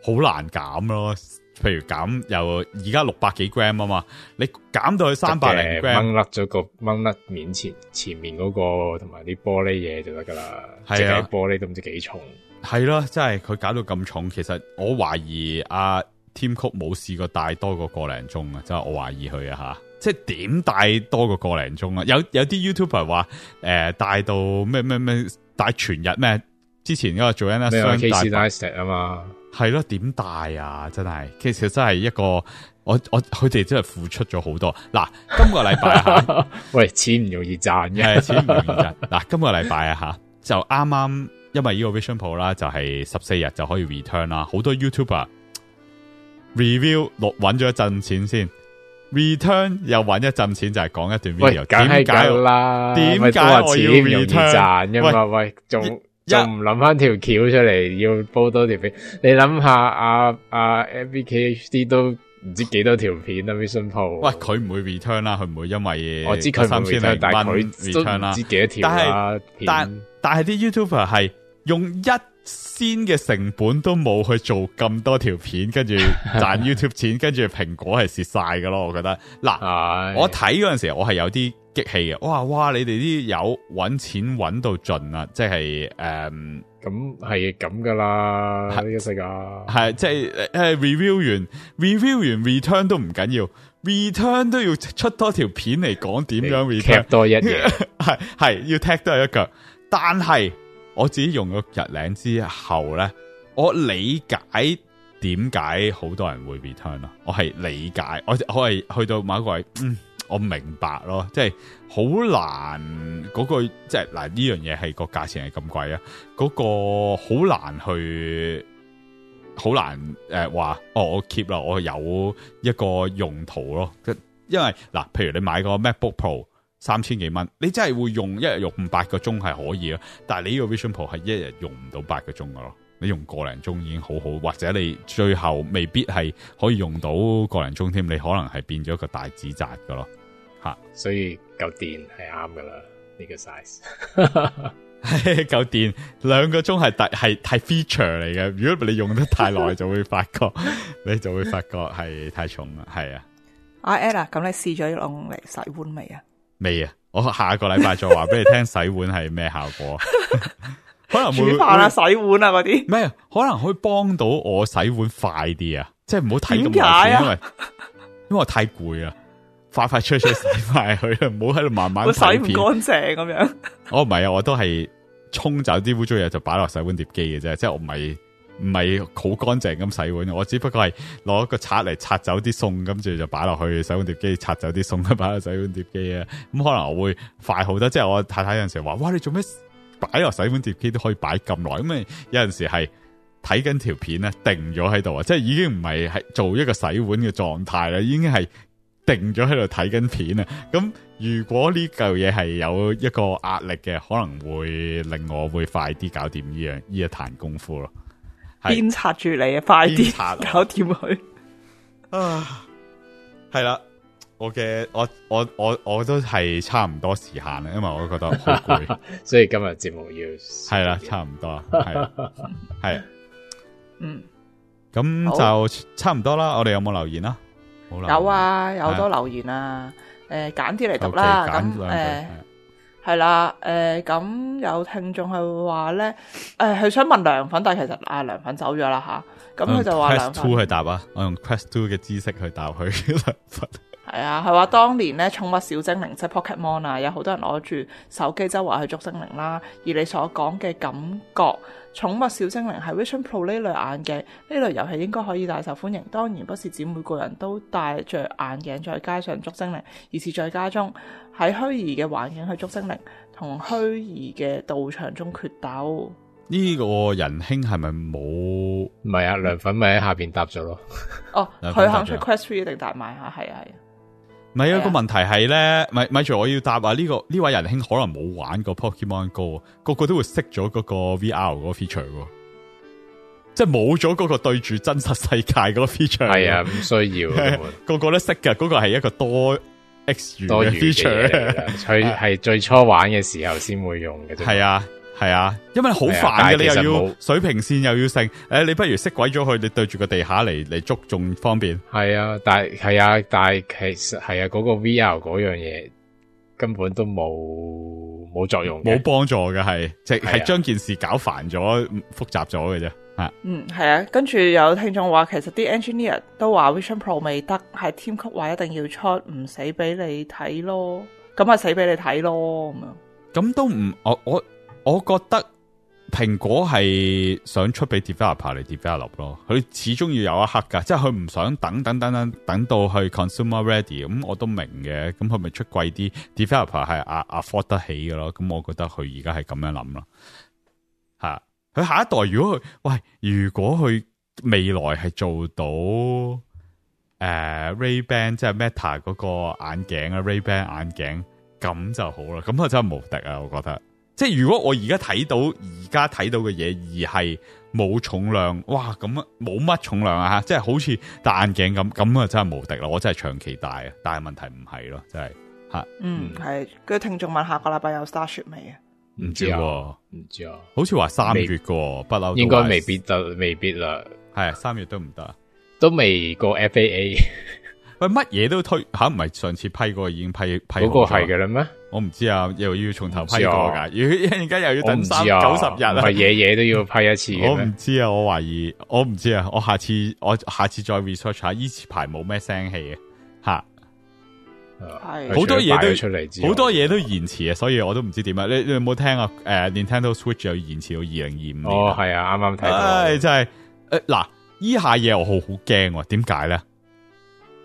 好難減咯。譬如減，又而家六百幾 gram 啊嘛，你減到去三百零 gram，掹甩咗個掹甩面前前面嗰、那個同埋啲玻璃嘢就得噶啦。係啊，玻璃都唔知幾重。係咯、啊，即係佢搞到咁重，其實我懷疑阿 Tim Cook 冇試過帶多過個個零鐘啊，即係我懷疑佢啊吓，即係點帶多過個個零鐘啊？有有啲 YouTuber 話誒、呃、帶到咩咩咩帶全日咩？之前嗰個做 n 咩 case？case 啊嘛。係咯，點大啊！真係，其實真係一個我我佢哋真係付出咗好多。嗱，今個禮拜吓， 喂，錢唔容易賺嘅， 錢唔容易賺。嗱，今個禮拜啊吓，就啱啱因為呢個 Vision Pro 啦，就係十四日就可以 return 啦，好多 YouTuber review 落揾咗一陣錢先，return 又揾一陣錢，就係、是、講一段 video。點解啦？點解錢唔容易賺嘅嘛？喂，仲。就唔諗翻條橋出嚟，要煲多條片。你諗下，啊啊 M B K H D 都唔知幾多條片啦，啊。Vision Pro 喂，佢唔會 return 啦，佢唔會因為我知佢三千蚊，但係都唔知幾多條啦。但但係啲 YouTuber 係用一仙嘅成本都冇去做咁多條片，跟住賺 YouTube 錢，跟住蘋果係蝕晒噶咯。我覺得嗱，我睇嗰陣時，我係有啲。激氣啊！哇哇你賺賺、um！你哋啲友揾錢揾到盡啊，即係誒，咁係咁噶啦，呢個世界係即係誒 review 完 review 完，return 都唔緊要,要，return 都要出多條片嚟講點樣，return 多一樣，係係要踢多一腳 項。 但係我自己用咗日零之後咧，我理解點解好多人會 return 咯，我係理解，我可係去到某一個位，嗯。我明白咯，即係好難嗰、那個，即係嗱呢樣嘢係個價錢係咁貴啊，嗰、那個好難去好難誒話、呃，哦我 keep 啦，我有一個用途咯，即因為嗱，譬如你買個 MacBook Pro 三千幾蚊，你真係會用一日用五八個鐘係可以啊，但係你呢個 Vision Pro 係一日用唔到八個鐘噶咯。你用個零鐘已經好好，或者你最後未必係可以用到個零鐘添，你可能係變咗一個大紙紮噶咯吓，啊、所以夠電係啱噶啦，呢個 size 夠電兩個鐘係大係太 feature 嚟嘅。如果你用得太耐，就會發覺 你就會發覺係太重啦，係啊。阿 ella，咁你試咗用嚟洗碗未啊？未啊，我下個禮拜再話俾你聽 洗碗係咩效果。 可能會煮飯啊、會洗碗啊嗰啲，咩啊？可能可以幫到我洗碗快啲啊！即係唔好睇咁耐，因為因為我太攰啊，快快脆脆洗埋去啦，唔好喺度慢慢洗唔乾淨咁樣。哦，唔係啊，我都係沖走啲污糟嘢就擺落洗碗碟機嘅啫，即係我唔係唔係好乾淨咁洗碗，我只不過係攞一個刷嚟刷走啲餸，跟住就擺落去洗碗碟機，刷走啲餸，擺落洗碗碟機啊。咁、嗯、可能我會快好多，即係我太太有陣時話：哇，你做咩？擺個洗碗碟機都可以擺咁耐，咁啊有陣時係睇緊條片咧，定咗喺度啊，即係已經唔係係做一個洗碗嘅狀態啦，已經係定咗喺度睇緊片啊。咁如果呢嚿嘢係有一個壓力嘅，可能會令我會快啲搞掂呢樣呢一壇功夫咯。鞭策住你定 啊，快啲搞掂佢啊，係啦。我嘅我我我我都係差唔多時限啦，因為我覺得好攰， 所以今日節目要係啦，差唔多係係嗯，咁就差唔多啦。啊、我哋有冇留言啦？有，言有啊，有多留言啊。誒、哎，揀啲嚟、欸、讀啦。咁誒係啦。誒，咁、欸欸、有聽眾係話咧，誒、欸，佢想問涼粉，但係其實阿涼、啊、粉走咗啦吓。咁、啊、佢就話涼粉、啊，我用 Quest Two 嘅知識去答佢涼粉。 係啊，係話、啊、當年咧，寵物小精靈即係 Pokémon 啊，有好多人攞住手機周圍去捉精靈啦。而你所講嘅感覺，寵物小精靈係 Vision Pro 呢類眼鏡呢類遊戲應該可以大受歡迎。當然不是指每個人都戴着眼鏡在街上捉精靈，而是在家中喺虛擬嘅環境去捉精靈，同虛擬嘅道場中決鬥。呢個仁兄係咪冇？唔係啊，涼粉咪喺下邊答咗咯。哦，佢肯出 Quest Three 一定大賣吓，係啊，係啊。咪有、啊啊、個問題係咧，咪咪住我要答啊，呢、這個呢位仁兄可能冇玩過 Pokemon Go，個個都會識咗嗰個 VR 嗰個 feature，即係冇咗嗰個對住真實世界嗰個 feature。係啊，唔需要、啊， 個個都識㗎。嗰、那個係一個多 X 語 ature, 多嘅 feature，佢係最初玩嘅時候先會用嘅啫，係啊。係啊，因為好煩嘅，啊、你又要水平線又要升，誒，你不如熄鬼咗佢，你對住個地下嚟，嚟捉仲方便。係啊，但係係啊，但係其實係啊，嗰、嗰個 VR 嗰樣嘢根本都冇冇作用，冇幫助嘅，係即係將、啊、件事搞煩咗、複雜咗嘅啫。啊，嗯，係啊，跟住有聽眾話，其實啲 engineer 都話 Vision Pro 未得，係 Tim Cook 話一定要出唔死俾你睇咯，咁咪死俾你睇咯咁樣。咁都唔我我。我我覺得蘋果係想出俾 developer 嚟 develop 咯，佢始終要有一刻噶，即係佢唔想等等等等等到去 consumer ready，咁我都明嘅。咁佢咪出貴啲，developer 係 afford 得起嘅咯。咁我覺得佢而家係咁樣諗啦，吓佢下一代如果佢，喂，如果佢未來係做到誒、uh、Ray Ban 即係 Meta 嗰個眼鏡啊，Ray Ban 眼鏡咁就好啦，咁啊真係無敵啊，我覺得。即係如果我而家睇到而家睇到嘅嘢而係冇重量，哇咁啊冇乜重量啊吓，即係好似戴眼鏡咁，咁啊真係無敵啦！我真係長期戴啊，但係問題唔係咯，真係吓。嗯，係、嗯，跟住聽眾問下個禮拜有 Starship 未啊？唔知喎，唔知啊，好似話三月喎，不嬲未應該未必就未必啦。係啊，三月都唔得，都未過 FAA。 乜嘢都推吓，唔、啊、係上次批過已經批批嗰個係嘅啦咩？我唔知啊，又要從頭批過噶，如果一陣間又要等三九十日啊，嘢嘢都要批一次我。我唔知啊，我懷疑，我唔知啊，我下次我下次再 research 下，依次排冇咩聲氣啊。吓的，好多嘢都出嚟，好多嘢都延遲啊，所以我都唔知點、呃、啊。你你有冇聽啊？誒，Nintendo Switch 又延遲到二零二五年，哦係啊，啱啱睇到，真係誒嗱，依下嘢我好好驚，點解咧？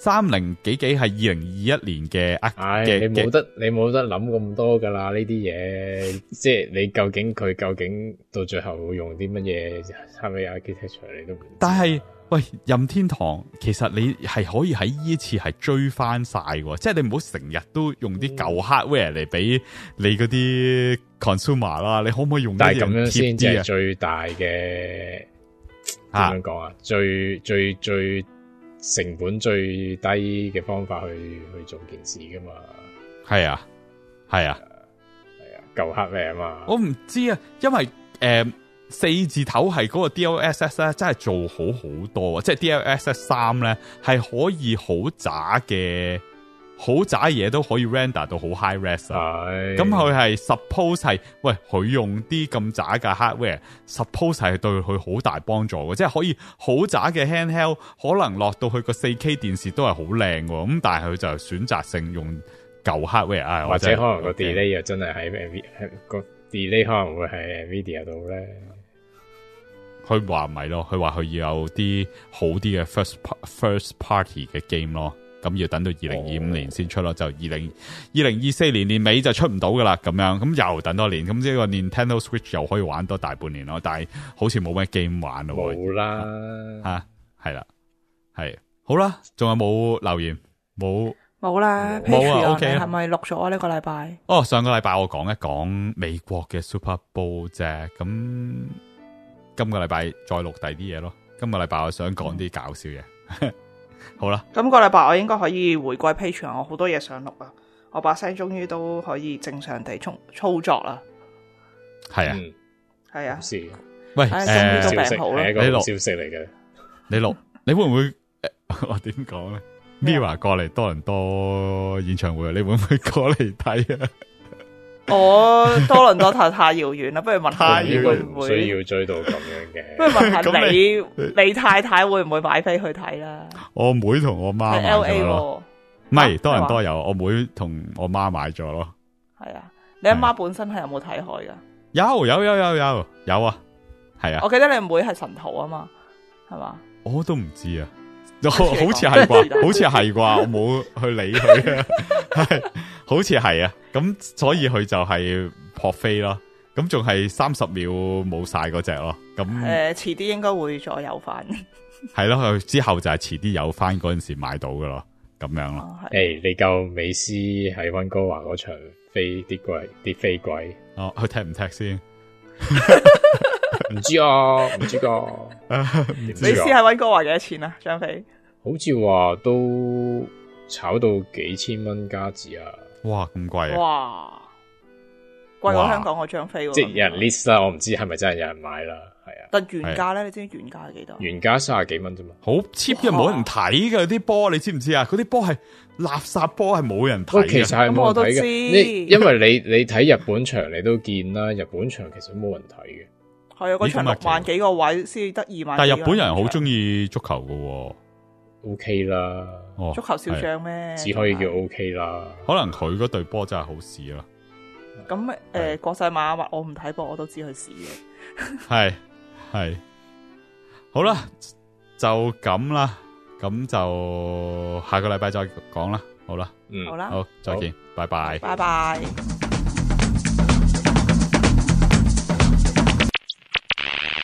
三零幾幾係二零二一年嘅啊。哎、的你冇得的你冇得諗咁多噶啦呢啲嘢， 即係你究竟佢究竟到最後會用啲乜嘢係咪啊？基礎設施你都，但係喂，任天堂其實你係可以喺呢次係追翻晒嘅，即係你唔好成日都用啲舊 hardware 嚟，俾你嗰啲 consumer 啦，你可唔可以用呢啲？但係咁樣先至最大嘅，點樣講啊？最最、啊、最。最最成本最低嘅方法去去做件事㗎嘛，係啊，係啊，係啊，舊黑名啊嘛。我唔知啊，因為誒、呃、四字頭係嗰個 DLSS 咧、啊，真係做好好多，即係 DLSS 三咧係可以好渣嘅。好渣嘢都可以 render 到好 high res 啊。咁佢係、哎、呀 suppose 係喂佢用啲咁渣嘅 hardware，suppose 係對佢好大幫助嘅，即係可以好渣嘅 handheld 可能落到去個四 K 電視都係好靚喎。咁但係佢就選擇性用舊 hardware 啊、哎，或者可能個 delay 又真係喺個 delay 可能會喺 video 度咧，佢話唔係咯，佢話佢要有啲好啲嘅 first first party 嘅 game 咯。咁要等到二零二五年先出咯，oh. 就二零二零二四年年尾就出唔到噶啦，咁樣咁又等多年，咁呢個 Nintendo Switch 又可以玩多大半年咯，但係好似冇咩 game 玩咯，冇啦吓，係啦，係、啊啊、好啦，仲有冇留言？冇冇啦 Patreon OK 係咪錄咗呢個禮拜？哦，上個禮拜我講一講美國嘅 Super Bowl 啫，咁今個禮拜再錄第二啲嘢咯，今個禮拜我想講啲搞笑嘢。 好啦，今個禮拜我應該可以回歸 Patreon，我好多嘢想錄啊，我把聲終於都可以正常地操操作啦。係啊，係、嗯、啊，事哎、喂，誒，好你錄，消息嚟嘅，你錄，你會唔會誒？ 我點講咧？Mirror 過嚟多倫多演唱會，你會唔會過嚟睇啊？ 我多倫多太太遙遠啦，不如問下會唔會？需要追到咁樣嘅。不如問下你， 你，你太太會唔會買飛去睇啦？我妹同我媽咁樣咯。唔係、啊、多倫多有，嗎我妹同我媽買咗咯。係啊，你阿媽本身係有冇睇開噶？有有有有有有啊，係啊。我記得你妹係神徒啊嘛，係嘛？我都唔知啊。好似係啩，好似係啩，我冇去理佢啊， 好似係啊，咁所以佢就係撲飛咯，咁仲係三十秒冇晒嗰隻咯，咁誒，遲啲、呃、應該會再有翻，係 咯，佢之後就係遲啲有翻嗰陣時買到噶咯，咁樣咯，誒，你夠美斯喺溫哥華嗰場飛啲鬼，啲飛鬼，哦，佢、哦、踢唔踢先？ 唔知啊，唔知噶。你試下溫哥華幾多錢啊？張飛好似話都炒到幾千蚊加紙啊！哇，咁貴啊！哇，貴過香港個張飛。即係有人 list 啦，我唔知係咪真係有人買啦。係啊，但原價咧，你知唔知原價係幾多？原價三十幾蚊啫嘛，好 cheap 又冇人睇㗎。啲波，你知唔知啊？嗰啲波係垃圾波，係冇人睇。其實係冇人睇。你因為你你睇日本場你都見啦，日本場其實冇人睇嘅。係啊，嗰場六萬幾個位先至得二萬，但係日本人好中意足球噶，O K 啦，okay 了哦、足球小將咩？只可以叫 O K 啦，可能佢嗰隊波真係好屎啦。咁誒，國、呃、際是馬話我唔睇波，我都知佢屎嘅。係 係，好啦，就咁啦，咁就下個禮拜再講啦。好啦，嗯，好啦，好，再見，拜拜，拜拜。